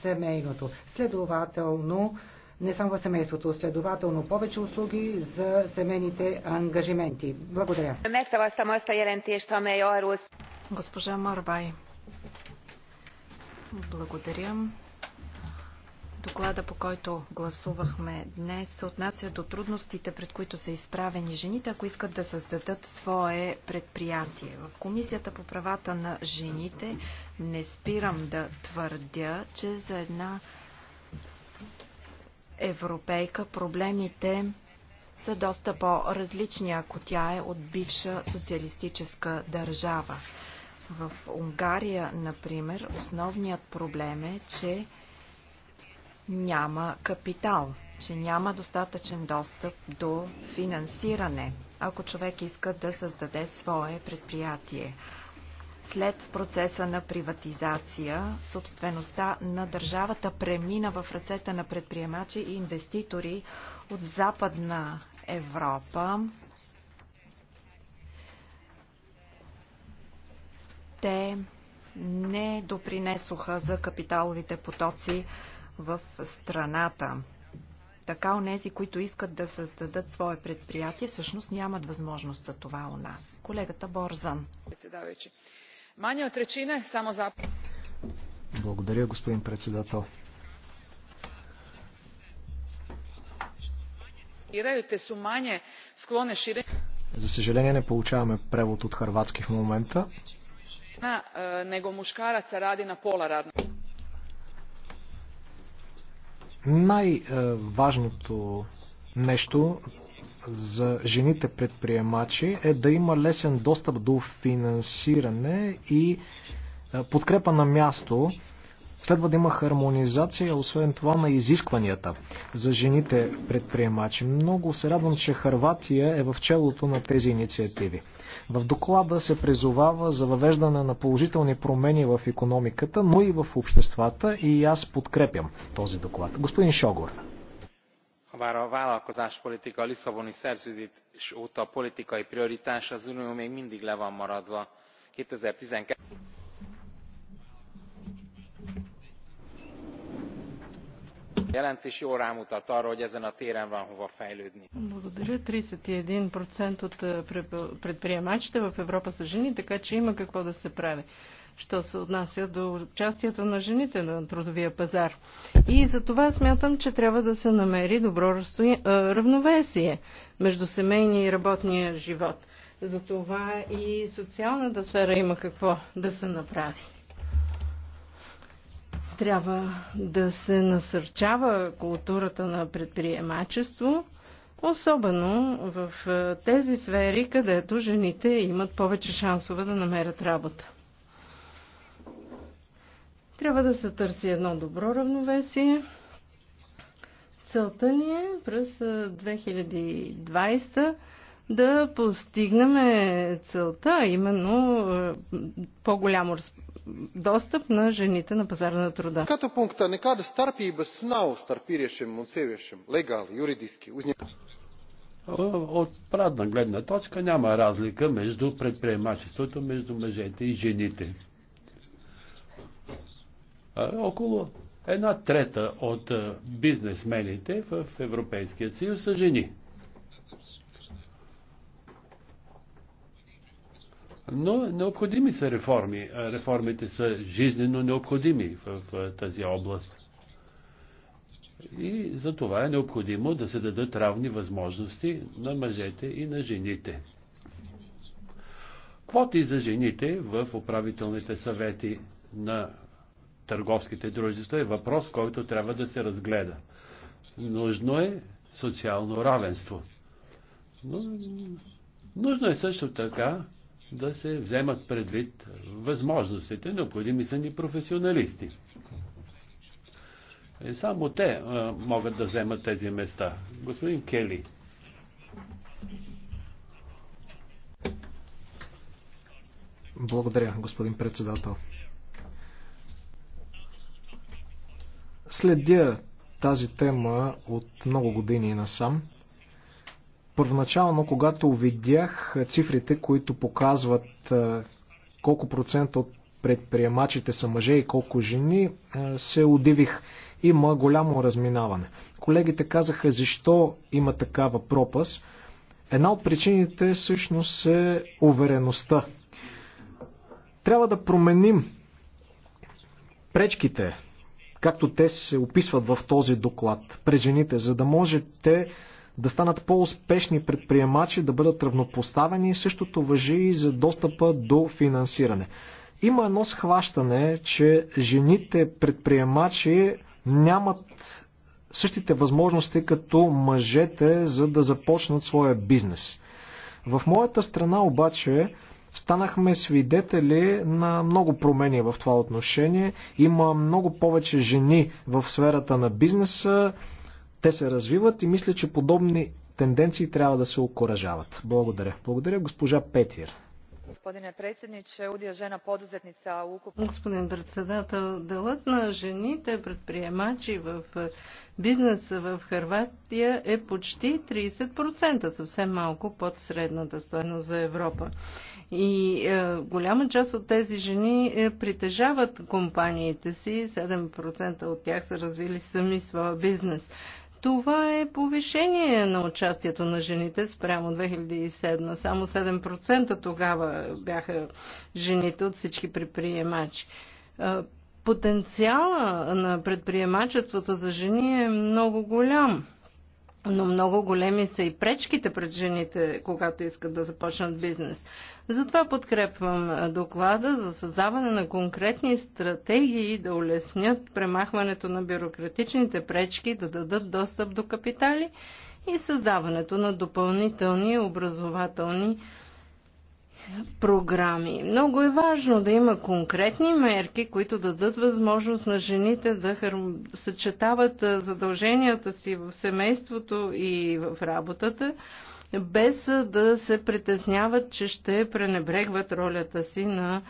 семейното. Следователно, не само в семейството, следователно повече услуги за семейните ангажименти. Благодаря. Госпожа Марбай, благодаря. Доклада, по който гласувахме днес, се отнася до трудностите, пред които са изправени жените, ако искат да създадат свое предприятие. В Комисията по правата на жените не спирам да твърдя, че за една европейка проблемите са доста по-различни, ако тя е от бивша социалистическа държава. В Унгария, например, основният проблем е, че няма капитал, че няма достатъчен достъп до финансиране, ако човек иска да създаде свое предприятие. След процеса на приватизация, собствеността на държавата премина в ръцете на предприемачи и инвеститори от Западна Европа. Те не допринесоха за капиталовите потоци в страната. Така онези, които искат да създадат свое предприятие, всъщност нямат възможност за това у нас. Колегата Борзан. Мanje od trećine samozaposlenih. Благодаря, господин председател. За съжаление не получаваме превод от харватски в момента. Е, най-важното нещо за жените предприемачи е да има лесен достъп до финансиране и подкрепа на място Следва да има хармонизация, освен това, на изискванията за жените предприемачи. Много се радвам, че Харватия е в челото на тези инициативи. В доклада се призовава за въвеждане на положителни промени в економиката, но и в обществата и аз подкрепям този доклад. Господин Шогор. Habár a vállalkozáspolitika a Lisszaboni szerződés óta politikai prioritás, az Unió még mindig le van maradva. 2012 Благодаря. 31% от е, предприемачите в Европа са жени, така че има какво да се прави що се отнася до участието на жените на трудовия пазар. И за това смятам, че трябва да се намери добро е, равновесие между семейния и работния живот. За това и социалната сфера има какво да се направи. Трябва да се насърчава културата на предприемачество, особено в е, тези сфери, където жените имат повече шансове да намерят работа. Трябва да се търси едно добро равновесие. Целта ни е през 2020 е, да постигнем е, целта, именно е, по-голям достъп на жените на пазара на труда. Като пункта, нека да старпи и без снал старпирешем, муцевешем, легал, юридически. От правна гледна точка няма разлика между предприемачеството, между мъжете и жените. Около една трета от бизнесмените в Европейския съюз са жени. Но необходими са реформи. Реформите са жизненно необходими в, в тази област. И за това е необходимо да се дадат равни възможности на мъжете и на жените. Квоти за жените в управителните съвети на търговските дружества е въпрос, който трябва да се разгледа. Нужно е социално равенство. Но, нужно е също така да се вземат предвид възможностите, необходими са ни професионалисти. И е, само те а, могат да вземат тези места. Господин Кели. Благодаря, господин председател. Следя тази тема от много години насам. Първоначално, когато видях цифрите, които показват колко процента от предприемачите са мъже и колко жени, се удивих. Има голямо разминаване. Колегите казаха защо има такава пропас. Една от причините всъщност е увереността. Трябва да променим пречките, както те се описват в този доклад, пред жените, за да може те да станат по-успешни предприемачи, да бъдат равнопоставени. Същото въжи и за достъпа до финансиране. Има едно схващане, че жените предприемачи нямат същите възможности като мъжете, за да започнат своя бизнес. В моята страна обаче станахме свидетели на много промени в това отношение. Има много повече жени в сферата на бизнеса, те се развиват и мисля, че подобни тенденции трябва да се окоръжават. Благодаря. Благодаря госпожа Петир. Господин председател, делът на жените предприемачи в бизнеса в Харватия е почти 30%, съвсем малко под средната стоеност за Европа. И е, голяма част от тези жени е, притежават компаниите си, 7% от тях са развили сами своя бизнес. Това е повишение на участието на жените спрямо 2007. Само 7% тогава бяха жените от всички предприемачи. Потенциала на предприемачеството за жени е много голям но много големи са и пречките пред жените, когато искат да започнат бизнес. Затова подкрепвам доклада за създаване на конкретни стратегии да улеснят премахването на бюрократичните пречки, да дадат достъп до капитали и създаването на допълнителни образователни програми. Много е важно да има конкретни мерки, които дадат възможност на жените да съчетават задълженията си в семейството и в работата, без да се притесняват, че ще пренебрегват ролята си на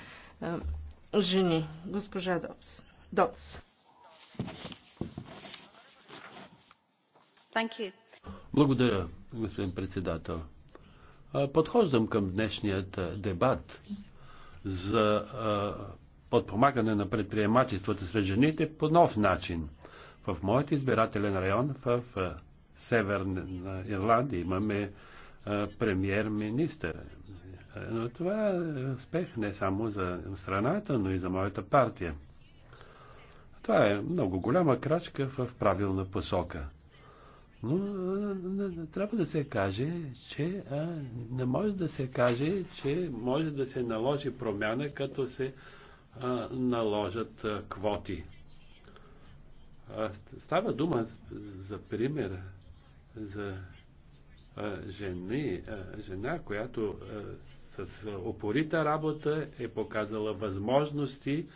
жени. Госпожа Добс. Добс. Благодаря, господин председател подхождам към днешният дебат за подпомагане на предприемачеството сред жените по нов начин. В моят избирателен район в Северна Ирландия имаме премьер-министър. Но това е успех не само за страната, но и за моята партия. Това е много голяма крачка в правилна посока. Но трябва да се каже, че а, не може да се каже, че може да се наложи промяна, като се а, наложат а, квоти. А, става дума за пример за а, жени, а, жена, която а, с опорита работа е показала възможности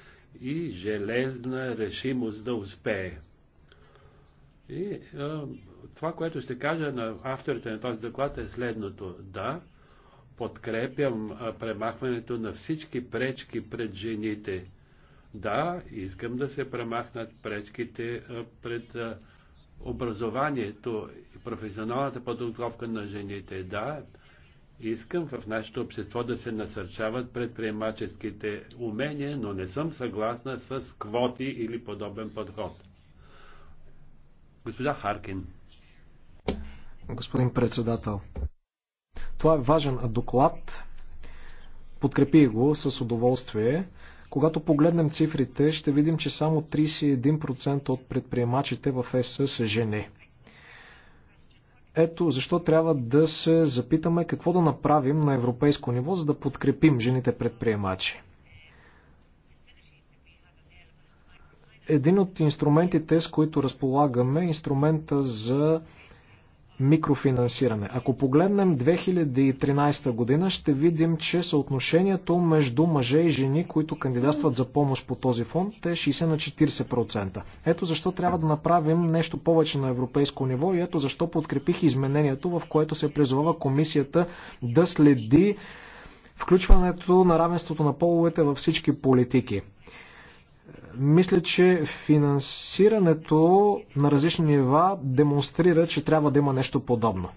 и железна решимост да успее. И е, това, което ще кажа на авторите на този доклад е следното. Да, подкрепям премахването на всички пречки пред жените. Да, искам да се премахнат пречките пред образованието и професионалната подготовка на жените. Да, искам в нашето общество да се насърчават предприемаческите умения, но не съм съгласна с квоти или подобен подход. Госпожа Харкин. Господин председател, това е важен доклад. Подкрепи го с удоволствие. Когато погледнем цифрите, ще видим, че само 31% от предприемачите в ЕС са жени. Ето защо трябва да се запитаме какво да направим на европейско ниво, за да подкрепим жените предприемачи. Един от инструментите, с които разполагаме, е инструмента за микрофинансиране. Ако погледнем 2013 година, ще видим, че съотношението между мъже и жени, които кандидатстват за помощ по този фонд, е 60 на 40%. Ето защо трябва да направим нещо повече на европейско ниво и ето защо подкрепих изменението, в което се призовава комисията да следи включването на равенството на половете във всички политики. Мисля, че финансирането на различни нива демонстрира, че трябва да има нещо подобно.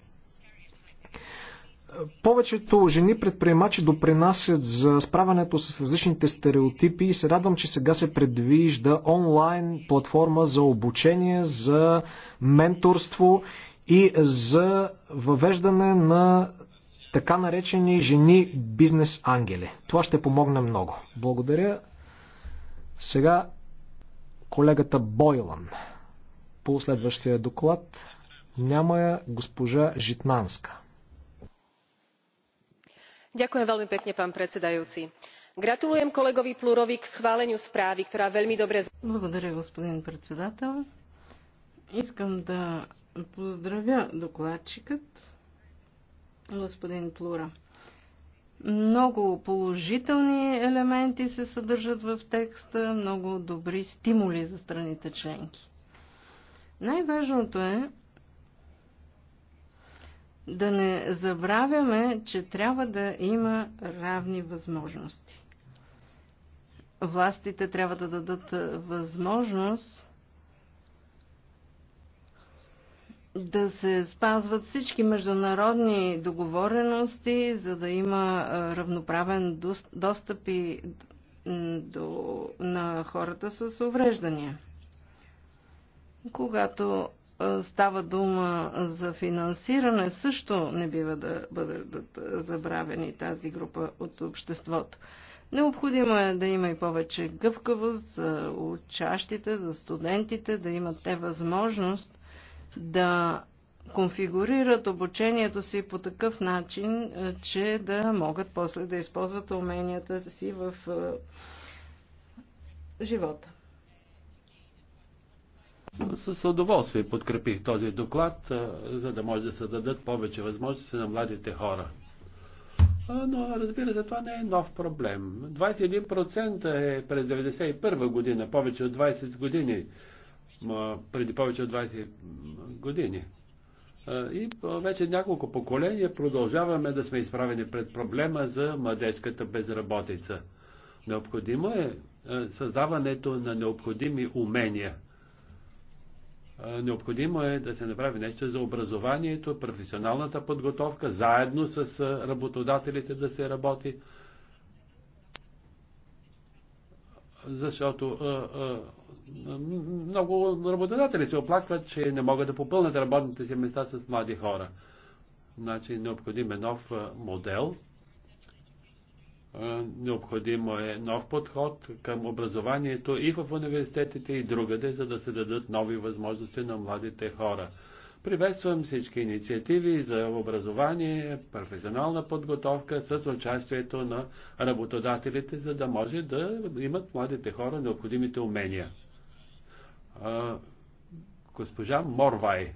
Повечето жени предприемачи допринасят за справянето с различните стереотипи и се радвам, че сега се предвижда онлайн платформа за обучение, за менторство и за въвеждане на така наречени жени бизнес ангели. Това ще помогне много. Благодаря. Сега колегата Бойлан по следващия доклад. Няма я госпожа Житнанска. Ďakujem veľmi pekne, pán predsedajúci. Gratulujem kolegovi Plurovi k schváleniu správy, ktorá veľmi dobre... Благодаря, господин председател. Искам да поздравя докладчикът, господин Плура. Много положителни елементи се съдържат в текста, много добри стимули за страните членки. Най-важното е да не забравяме, че трябва да има равни възможности. Властите трябва да дадат възможност да се спазват всички международни договорености, за да има равноправен достъп и до, на хората с увреждания. Когато става дума за финансиране, също не бива да бъдат забравени тази група от обществото. Необходимо е да има и повече гъвкавост за учащите, за студентите, да имат те възможност да конфигурират обучението си по такъв начин, е, че да могат после да използват уменията си в е, живота. С удоволствие подкрепих този доклад, е, за да може да се дадат повече възможности на младите хора. Но разбира се, това не е нов проблем. 21% е през 1991 година, повече от 20 години преди повече от 20 години. И вече няколко поколения продължаваме да сме изправени пред проблема за младежката безработица. Необходимо е създаването на необходими умения. Необходимо е да се направи нещо за образованието, професионалната подготовка, заедно с работодателите да се работи, защото много работодатели се оплакват, че не могат да попълнят работните си места с млади хора. Значи необходим е нов модел, необходимо е нов подход към образованието и в университетите и другаде, за да се дадат нови възможности на младите хора. Приветствам всички инициативи за образование, професионална подготовка с участието на работодателите, за да може да имат младите хора необходимите умения. А, госпожа Морвай.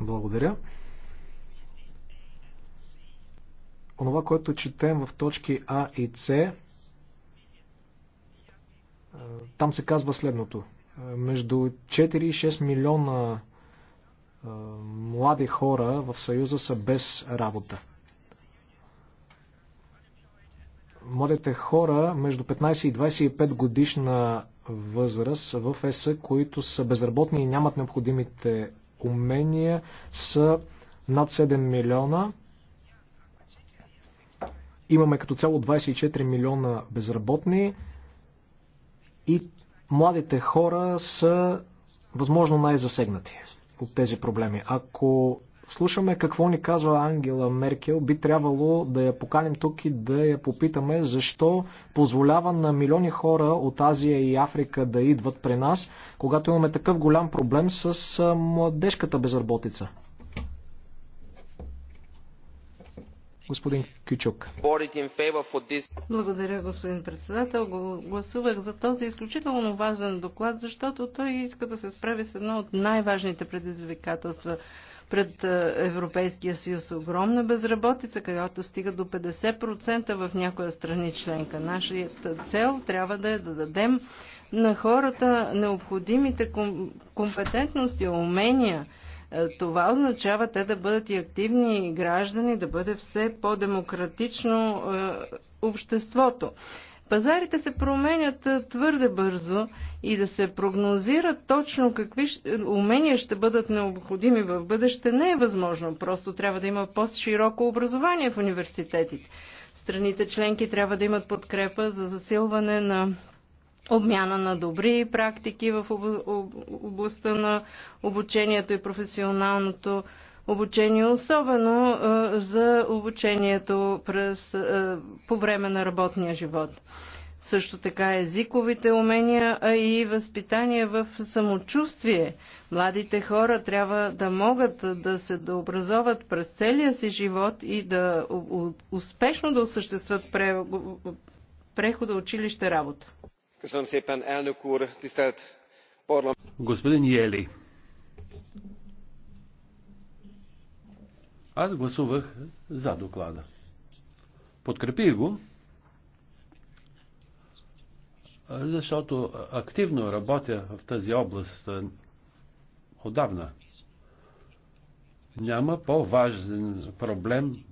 Благодаря. Онова, което четем в точки А и С, там се казва следното. Между 4 и 6 милиона млади хора в Съюза са без работа. Младите хора между 15 и 25 годишна възраст в ЕС, които са безработни и нямат необходимите умения, са над 7 милиона. Имаме като цяло 24 милиона безработни и младите хора са възможно най-засегнати от тези проблеми. Ако слушаме какво ни казва Ангела Меркел, би трябвало да я поканим тук и да я попитаме защо позволява на милиони хора от Азия и Африка да идват при нас, когато имаме такъв голям проблем с младежката безработица. Господин Кючук. Благодаря, господин председател. Гласувах за този изключително важен доклад, защото той иска да се справи с едно от най-важните предизвикателства пред е, Европейския съюз. Огромна безработица, която стига до 50% в някоя страни членка. Нашата цел трябва да е да дадем на хората необходимите компетентности, умения, е, това означава те да бъдат и активни граждани, да бъде все по-демократично е, обществото. Пазарите се променят е, твърде бързо и да се прогнозира точно какви умения ще бъдат необходими в бъдеще не е възможно. Просто трябва да има по-широко образование в университетите. Страните членки трябва да имат подкрепа за засилване на обмяна на добри практики в областта на обучението и професионалното обучение, особено за обучението през, по време на работния живот. Също така езиковите умения, а и възпитание в самочувствие. Младите хора трябва да могат да се дообразоват през целия си живот и да успешно да осъществят прехода училище работа. Господин Ели, аз гласувах за доклада. Подкрепих го, защото активно работя в тази област отдавна. Няма по-важен проблем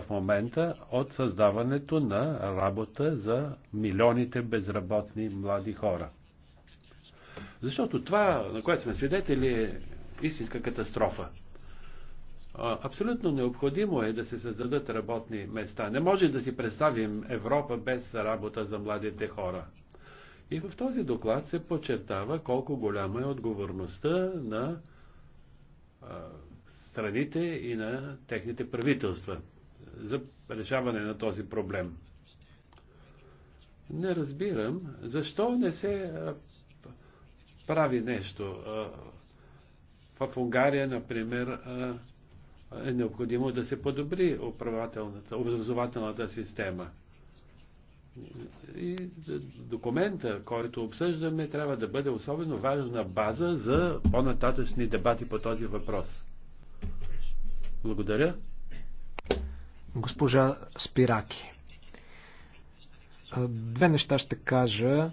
в момента от създаването на работа за милионите безработни млади хора. Защото това, на което сме свидетели, е истинска катастрофа. Абсолютно необходимо е да се създадат работни места. Не може да си представим Европа без работа за младите хора. И в този доклад се подчертава колко голяма е отговорността на страните и на техните правителства за решаване на този проблем. Не разбирам защо не се прави нещо. В Унгария, например, е необходимо да се подобри образователната система. И документа, който обсъждаме, трябва да бъде особено важна база за по-нататъчни дебати по този въпрос. Благодаря. Госпожа Спираки. Две неща ще кажа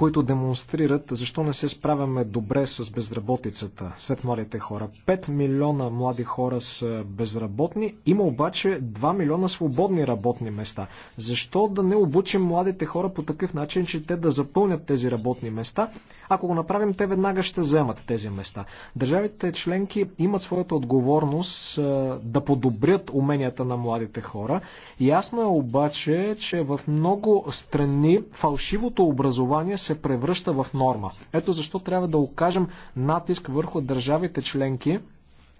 които демонстрират защо не се справяме добре с безработицата след младите хора. 5 милиона млади хора са безработни, има обаче 2 милиона свободни работни места. Защо да не обучим младите хора по такъв начин, че те да запълнят тези работни места? Ако го направим, те веднага ще вземат тези места. Държавите членки имат своята отговорност да подобрят уменията на младите хора. Ясно е обаче, че в много страни фалшивото образование се се превръща в норма. Ето защо трябва да окажем натиск върху държавите членки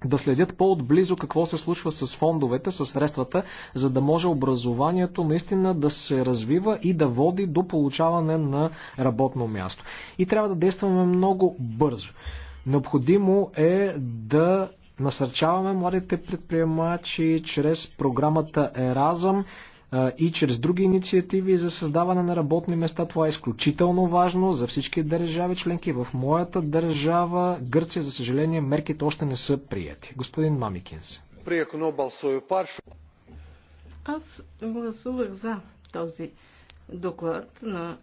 да следят по-отблизо какво се случва с фондовете, с средствата, за да може образованието наистина да се развива и да води до получаване на работно място. И трябва да действаме много бързо. Необходимо е да насърчаваме младите предприемачи чрез програмата Еразъм и чрез други инициативи за създаване на работни места. Това е изключително важно за всички държави членки. В моята държава, Гърция, за съжаление, мерките още не са прияти. Господин Мамикинс. Аз гласувах за този доклад на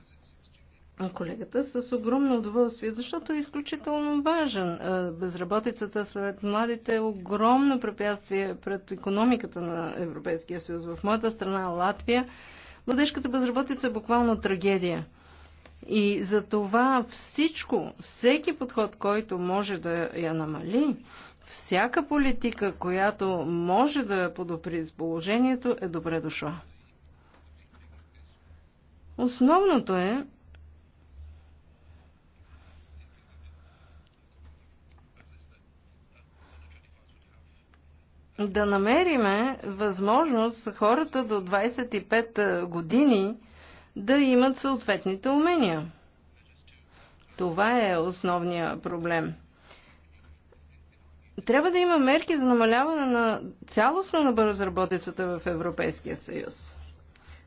колегата с огромно удоволствие, защото е изключително важен. Е, безработицата сред младите е огромно препятствие пред економиката на Европейския съюз. В моята страна, Латвия, младежката безработица е буквално трагедия. И за това всичко, всеки подход, който може да я намали, всяка политика, която може да подобри положението, е добре дошла. Основното е да намериме възможност хората до 25 години да имат съответните умения. Това е основният проблем. Трябва да има мерки за намаляване на цялостно на безработицата в Европейския съюз.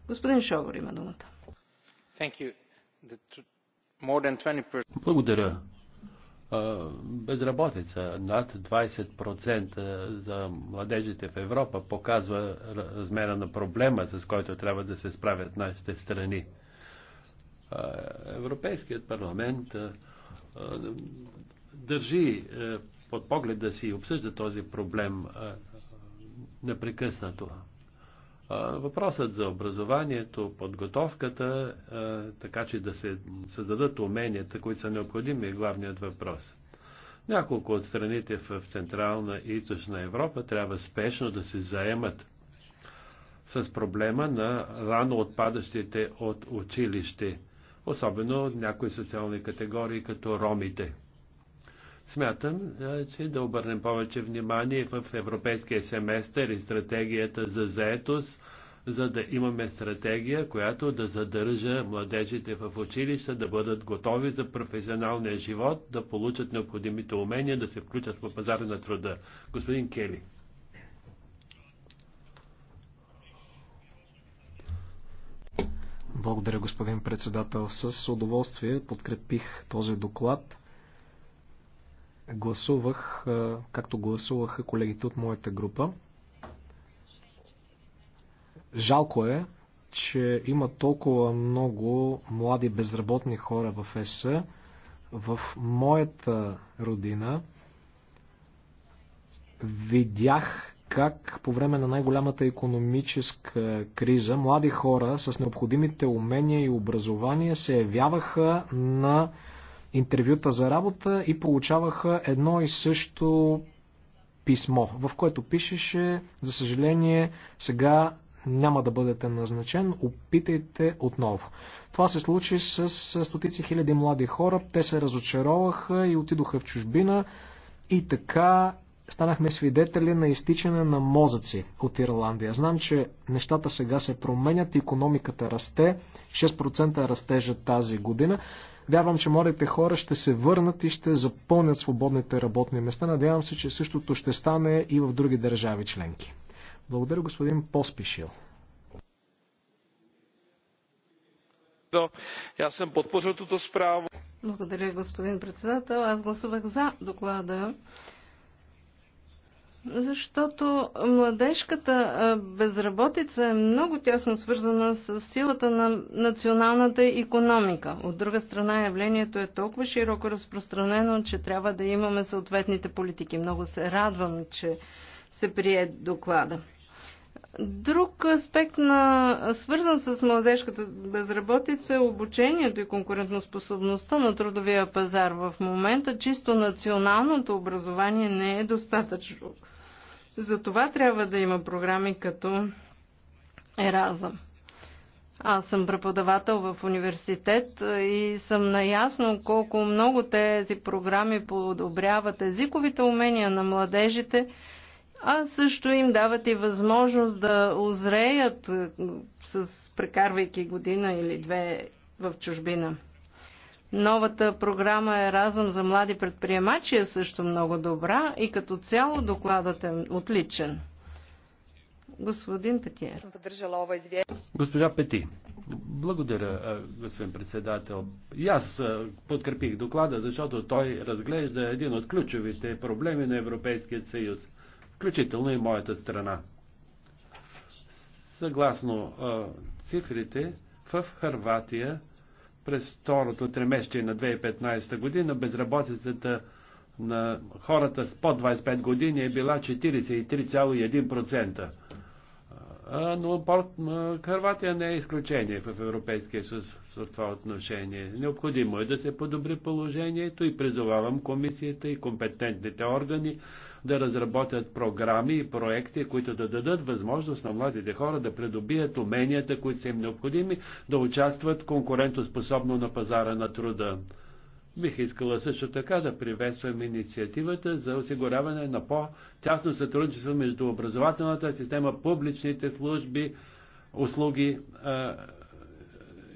Господин Шогор има думата. Благодаря безработица. Над 20% за младежите в Европа показва размера на проблема, с който трябва да се справят нашите страни. Европейският парламент държи под поглед да си обсъжда този проблем непрекъснато. Въпросът за образованието, подготовката, така че да се създадат уменията, които са необходими, е главният въпрос. Няколко от страните в Централна и Източна Европа трябва спешно да се заемат с проблема на рано отпадащите от училище, особено някои социални категории, като ромите – Смятам, че да обърнем повече внимание в европейския семестър и стратегията за заетост, за да имаме стратегия, която да задържа младежите в училища, да бъдат готови за професионалния живот, да получат необходимите умения, да се включат в пазара на труда. Господин Кели. Благодаря, господин председател. С удоволствие подкрепих този доклад гласувах, както гласуваха колегите от моята група. Жалко е, че има толкова много млади безработни хора в ЕС. В моята родина видях как по време на най-голямата економическа криза млади хора с необходимите умения и образование се явяваха на интервюта за работа и получаваха едно и също писмо, в което пишеше, за съжаление, сега няма да бъдете назначен, опитайте отново. Това се случи с стотици хиляди млади хора, те се разочароваха и отидоха в чужбина и така станахме свидетели на изтичане на мозъци от Ирландия. Знам, че нещата сега се променят, економиката расте, 6% растежа тази година, Вярвам, че младите хора ще се върнат и ще запълнят свободните работни места. Надявам се, че същото ще стане и в други държави членки. Благодаря, господин Поспишил. съм Благодаря, господин председател. Аз гласувах за доклада защото младежката безработица е много тясно свързана с силата на националната економика. От друга страна, явлението е толкова широко разпространено, че трябва да имаме съответните политики. Много се радвам, че се прие доклада. Друг аспект на свързан с младежката безработица е обучението и конкурентоспособността на трудовия пазар. В момента чисто националното образование не е достатъчно. За това трябва да има програми като Еразъм. Аз съм преподавател в университет и съм наясно колко много тези програми подобряват езиковите умения на младежите – а също им дават и възможност да озреят, е, с, прекарвайки година или две в чужбина. Новата програма е Разум за млади предприемачи е също много добра и като цяло докладът е отличен. Господин Петиер. Госпожа Пети, благодаря, е, господин председател. И аз е, подкрепих доклада, защото той разглежда един от ключовите проблеми на Европейския съюз включително и моята страна. Съгласно а, цифрите, в Харватия през второто тримесечие на 2015 година безработицата на хората с под 25 години е била 43,1%. Но Харватия не е изключение в Европейския съюз в това отношение. Необходимо е да се подобри положението и призовавам комисията и компетентните органи да разработят програми и проекти, които да дадат възможност на младите хора да придобият уменията, които са им необходими, да участват конкурентоспособно на пазара на труда. Бих искала също така да приветствам инициативата за осигуряване на по-тясно сътрудничество между образователната система, публичните служби, услуги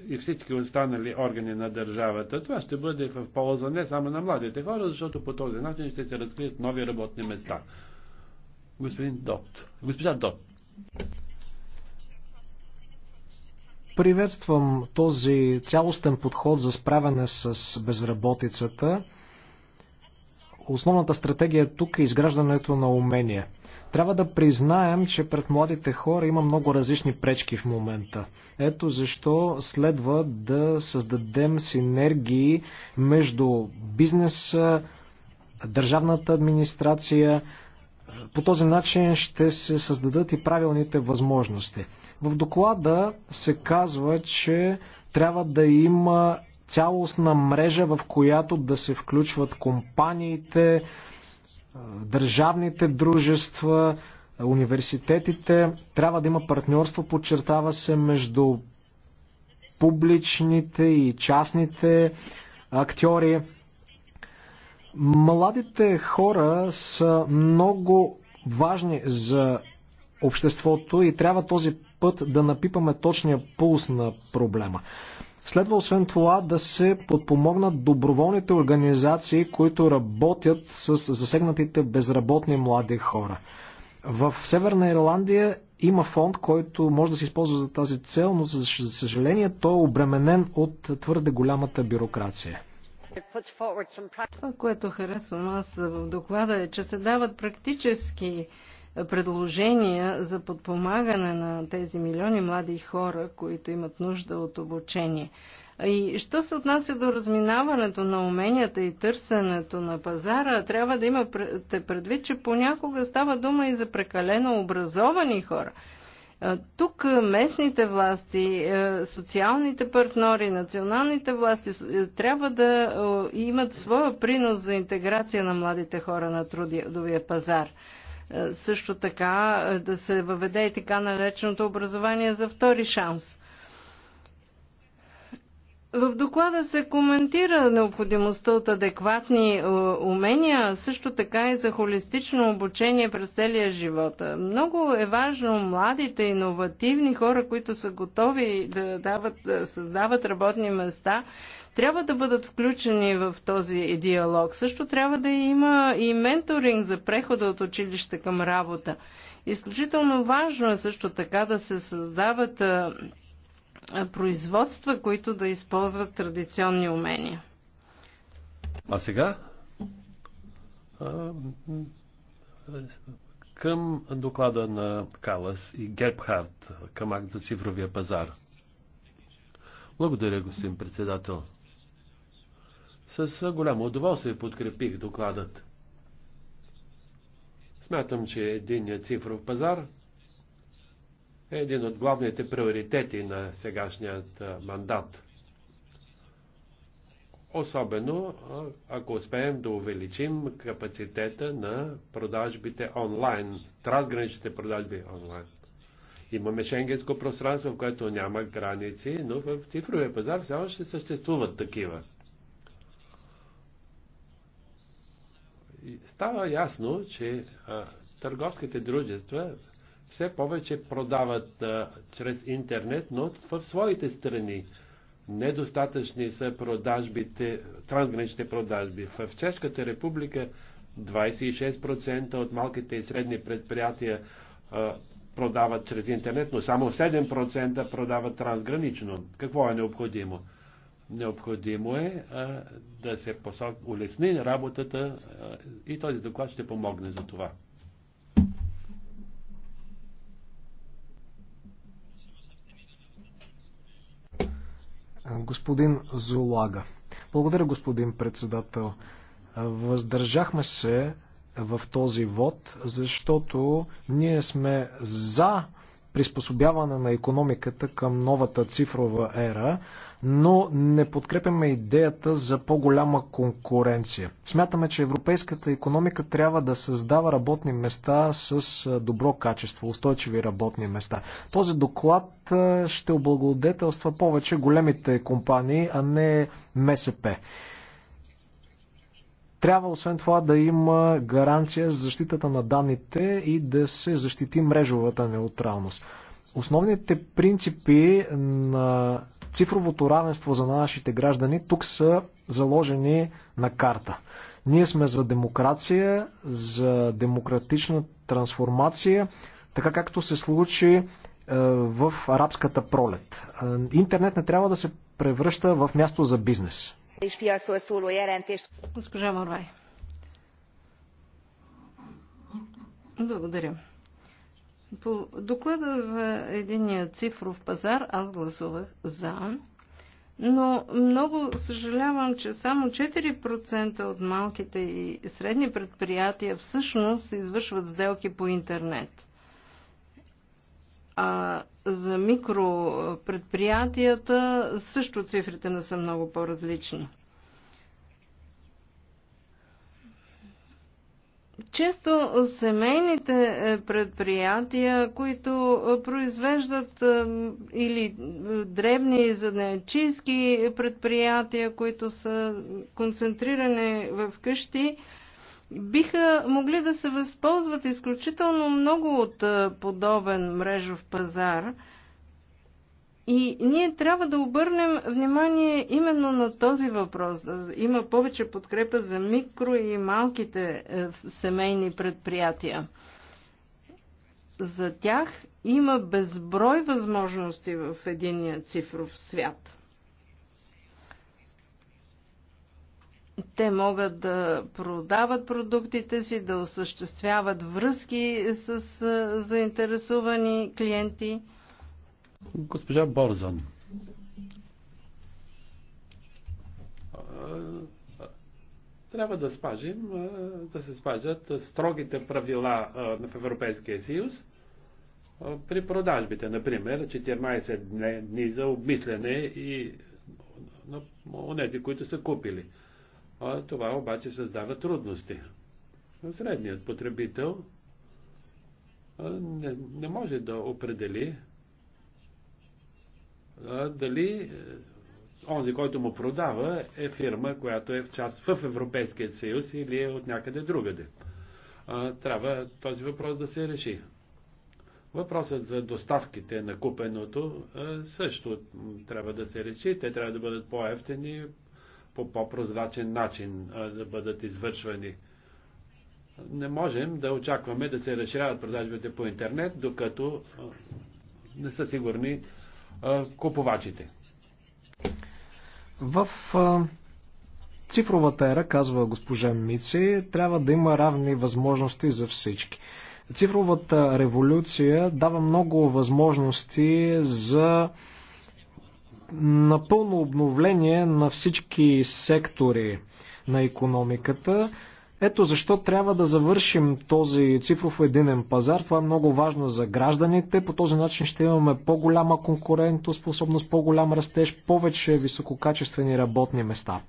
и всички останали органи на държавата, това ще бъде в полза не само на младите хора, защото по този начин ще се разкрият нови работни места. Господин Дот. Госпожа Дот. Приветствам този цялостен подход за справяне с безработицата. Основната стратегия тук е изграждането на умения – трябва да признаем, че пред младите хора има много различни пречки в момента. Ето защо следва да създадем синергии между бизнеса, държавната администрация. По този начин ще се създадат и правилните възможности. В доклада се казва, че трябва да има цялостна мрежа, в която да се включват компаниите, държавните дружества, университетите. Трябва да има партньорство, подчертава се, между публичните и частните актьори. Младите хора са много важни за обществото и трябва този път да напипаме точния пулс на проблема. Следва освен това да се подпомогнат доброволните организации, които работят с засегнатите безработни млади хора. В Северна Ирландия има фонд, който може да се използва за тази цел, но за съжаление той е обременен от твърде голямата бюрокрация. Това, което харесвам аз в доклада е, че се дават практически предложения за подпомагане на тези милиони млади хора, които имат нужда от обучение. И що се отнася до разминаването на уменията и търсенето на пазара, трябва да имате предвид, че понякога става дума и за прекалено образовани хора. Тук местните власти, е, социалните партньори, националните власти е, трябва да е, имат своя принос за интеграция на младите хора на трудовия пазар. Е, също така е, да се въведе и така нареченото образование за втори шанс – в доклада се коментира необходимостта от адекватни е, умения, също така и за холистично обучение през целия живот. Много е важно младите, иновативни хора, които са готови да дават, създават работни места, трябва да бъдат включени в този диалог. Също трябва да има и менторинг за прехода от училище към работа. Изключително важно е също така да се създават производства, които да използват традиционни умения. А сега към доклада на Калас и Гербхард към акт за цифровия пазар. Благодаря, господин председател. С голямо удоволствие подкрепих докладът. Смятам, че единният цифров пазар е един от главните приоритети на сегашният мандат. Особено ако успеем да увеличим капацитета на продажбите онлайн, трансграничните продажби онлайн. Имаме шенгенско пространство, в което няма граници, но в цифровия пазар все още съществуват такива. става ясно, че а, търговските дружества все повече продават а, чрез интернет, но в своите страни. Недостатъчни са продажбите, трансграничните продажби. В Чешката република 26% от малките и средни предприятия а, продават чрез интернет, но само 7% продават трансгранично. Какво е необходимо? Необходимо е а, да се посок... улесни работата а, и този доклад ще помогне за това. Господин Золага. Благодаря, господин председател. Въздържахме се в този вод, защото ние сме за приспособяване на економиката към новата цифрова ера, но не подкрепяме идеята за по-голяма конкуренция. Смятаме, че европейската економика трябва да създава работни места с добро качество, устойчиви работни места. Този доклад ще облагодетелства повече големите компании, а не МСП. Трябва освен това да има гаранция за защитата на данните и да се защити мрежовата неутралност. Основните принципи на цифровото равенство за нашите граждани тук са заложени на карта. Ние сме за демокрация, за демократична трансформация, така както се случи е, в арабската пролет. Е, интернет не трябва да се превръща в място за бизнес. Госпожа Морвай. Благодаря. По доклада за единия цифров пазар аз гласувах за, но много съжалявам, че само 4% от малките и средни предприятия всъщност извършват сделки по интернет. А за микропредприятията също цифрите не са много по-различни. Често семейните е, предприятия, които е, произвеждат е, или дребни занечийски предприятия, които са концентрирани в къщи, биха могли да се възползват изключително много от подобен мрежов пазар. И ние трябва да обърнем внимание именно на този въпрос. Да има повече подкрепа за микро и малките е, семейни предприятия. За тях има безброй възможности в единия цифров свят. Те могат да продават продуктите си, да осъществяват връзки с заинтересувани клиенти. Госпожа Борзан. Трябва да спажим, да се спажат строгите правила в Европейския съюз при продажбите, например, 14 дни за обмислене и на тези, които са купили. Това обаче създава трудности. Средният потребител не, не може да определи дали е, онзи, който му продава, е фирма, която е в част в Европейския съюз или е от някъде другаде. Трябва този въпрос да се реши. Въпросът за доставките на купеното също трябва да се реши. Те трябва да бъдат по-ефтени, по по-прозрачен начин а, да бъдат извършвани. Не можем да очакваме да се разширяват продажбите по интернет, докато а, не са сигурни а, купувачите. В цифровата ера, казва госпожа Мици, трябва да има равни възможности за всички. Цифровата революция дава много възможности за напълно обновление на всички сектори на економиката. Ето защо трябва да завършим този цифров единен пазар. Това е много важно за гражданите. По този начин ще имаме по-голяма конкурентоспособност, по-голям растеж, повече висококачествени работни места.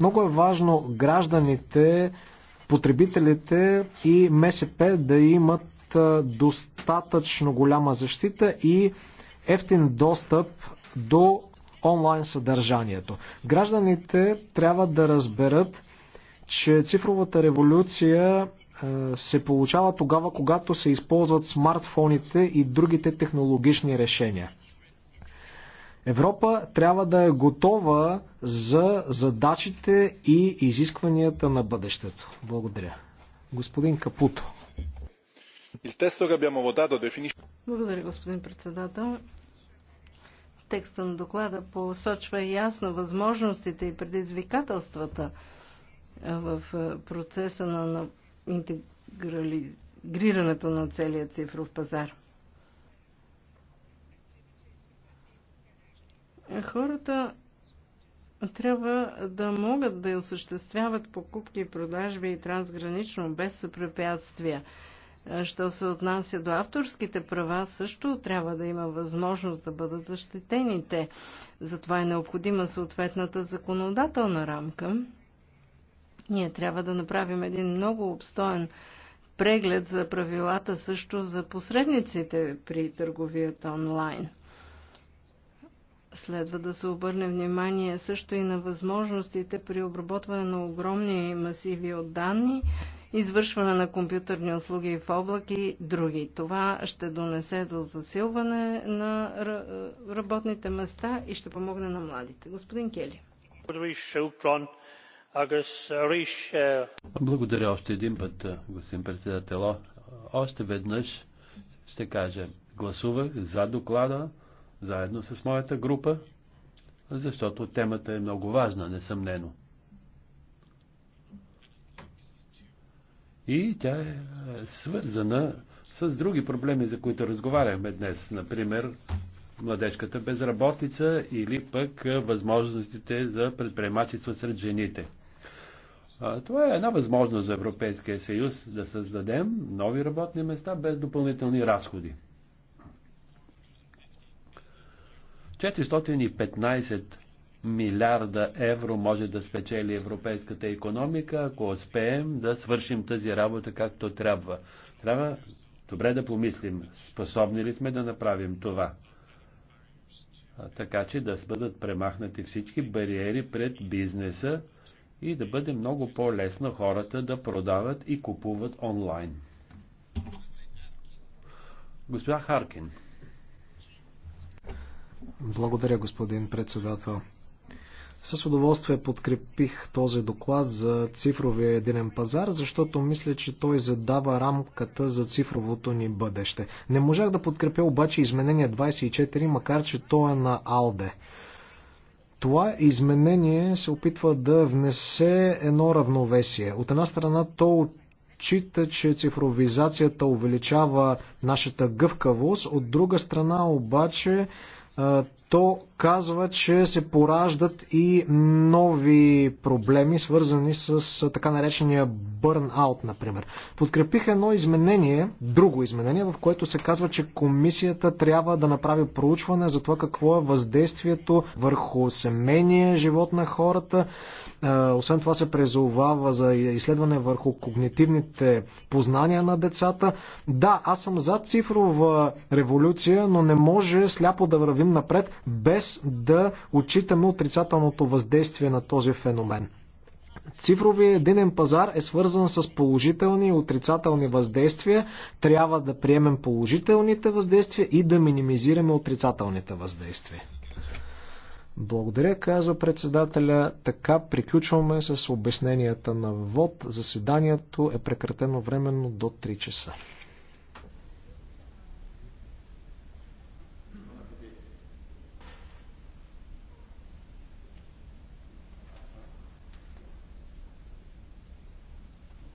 Много е важно гражданите, потребителите и МСП да имат достатъчно голяма защита и ефтин достъп до онлайн съдържанието. Гражданите трябва да разберат, че цифровата революция е, се получава тогава, когато се използват смартфоните и другите технологични решения. Европа трябва да е готова за задачите и изискванията на бъдещето. Благодаря. Господин Капуто. Благодаря, господин председател. Текста на доклада посочва ясно възможностите и предизвикателствата в процеса на интегрирането на целия цифров пазар. Хората трябва да могат да осъществяват покупки и продажби и трансгранично без съпрепятствия. Що се отнася до авторските права, също трябва да има възможност да бъдат защитени те. Затова е необходима съответната законодателна рамка. Ние трябва да направим един много обстоен преглед за правилата също за посредниците при търговията онлайн. Следва да се обърне внимание също и на възможностите при обработване на огромни масиви от данни извършване на компютърни услуги в облак и други. Това ще донесе до засилване на работните места и ще помогне на младите. Господин Кели. Благодаря още един път, господин председател. Още веднъж ще кажа, гласувах за доклада, заедно с моята група, защото темата е много важна, несъмнено. и тя е, е свързана с други проблеми, за които разговаряхме днес. Например, младежката безработица или пък е, възможностите за предприемачество сред жените. Това е една възможност за Европейския съюз да създадем нови работни места без допълнителни разходи. 415 милиарда евро може да спечели европейската економика, ако успеем да свършим тази работа както трябва. Трябва добре да помислим, способни ли сме да направим това. Така че да бъдат премахнати всички бариери пред бизнеса и да бъде много по-лесно хората да продават и купуват онлайн. Госпожа Харкин. Благодаря, господин председател. С удоволствие подкрепих този доклад за цифровия единен пазар, защото мисля, че той задава рамката за цифровото ни бъдеще. Не можах да подкрепя обаче изменение 24, макар че то е на Алде. Това изменение се опитва да внесе едно равновесие. От една страна то отчита, че цифровизацията увеличава нашата гъвкавост, от друга страна обаче то казва, че се пораждат и нови проблеми, свързани с така наречения бърнаут, например. Подкрепих едно изменение, друго изменение, в което се казва, че комисията трябва да направи проучване за това какво е въздействието върху семейния живот на хората, е, освен това се презовава за изследване върху когнитивните познания на децата. Да, аз съм за цифрова революция, но не може сляпо да вървим напред без да отчитаме отрицателното въздействие на този феномен. Цифровият единен пазар е свързан с положителни и отрицателни въздействия. Трябва да приемем положителните въздействия и да минимизираме отрицателните въздействия. Благодаря, казва председателя. Така приключваме с обясненията на ВОД. Заседанието е прекратено временно до 3 часа.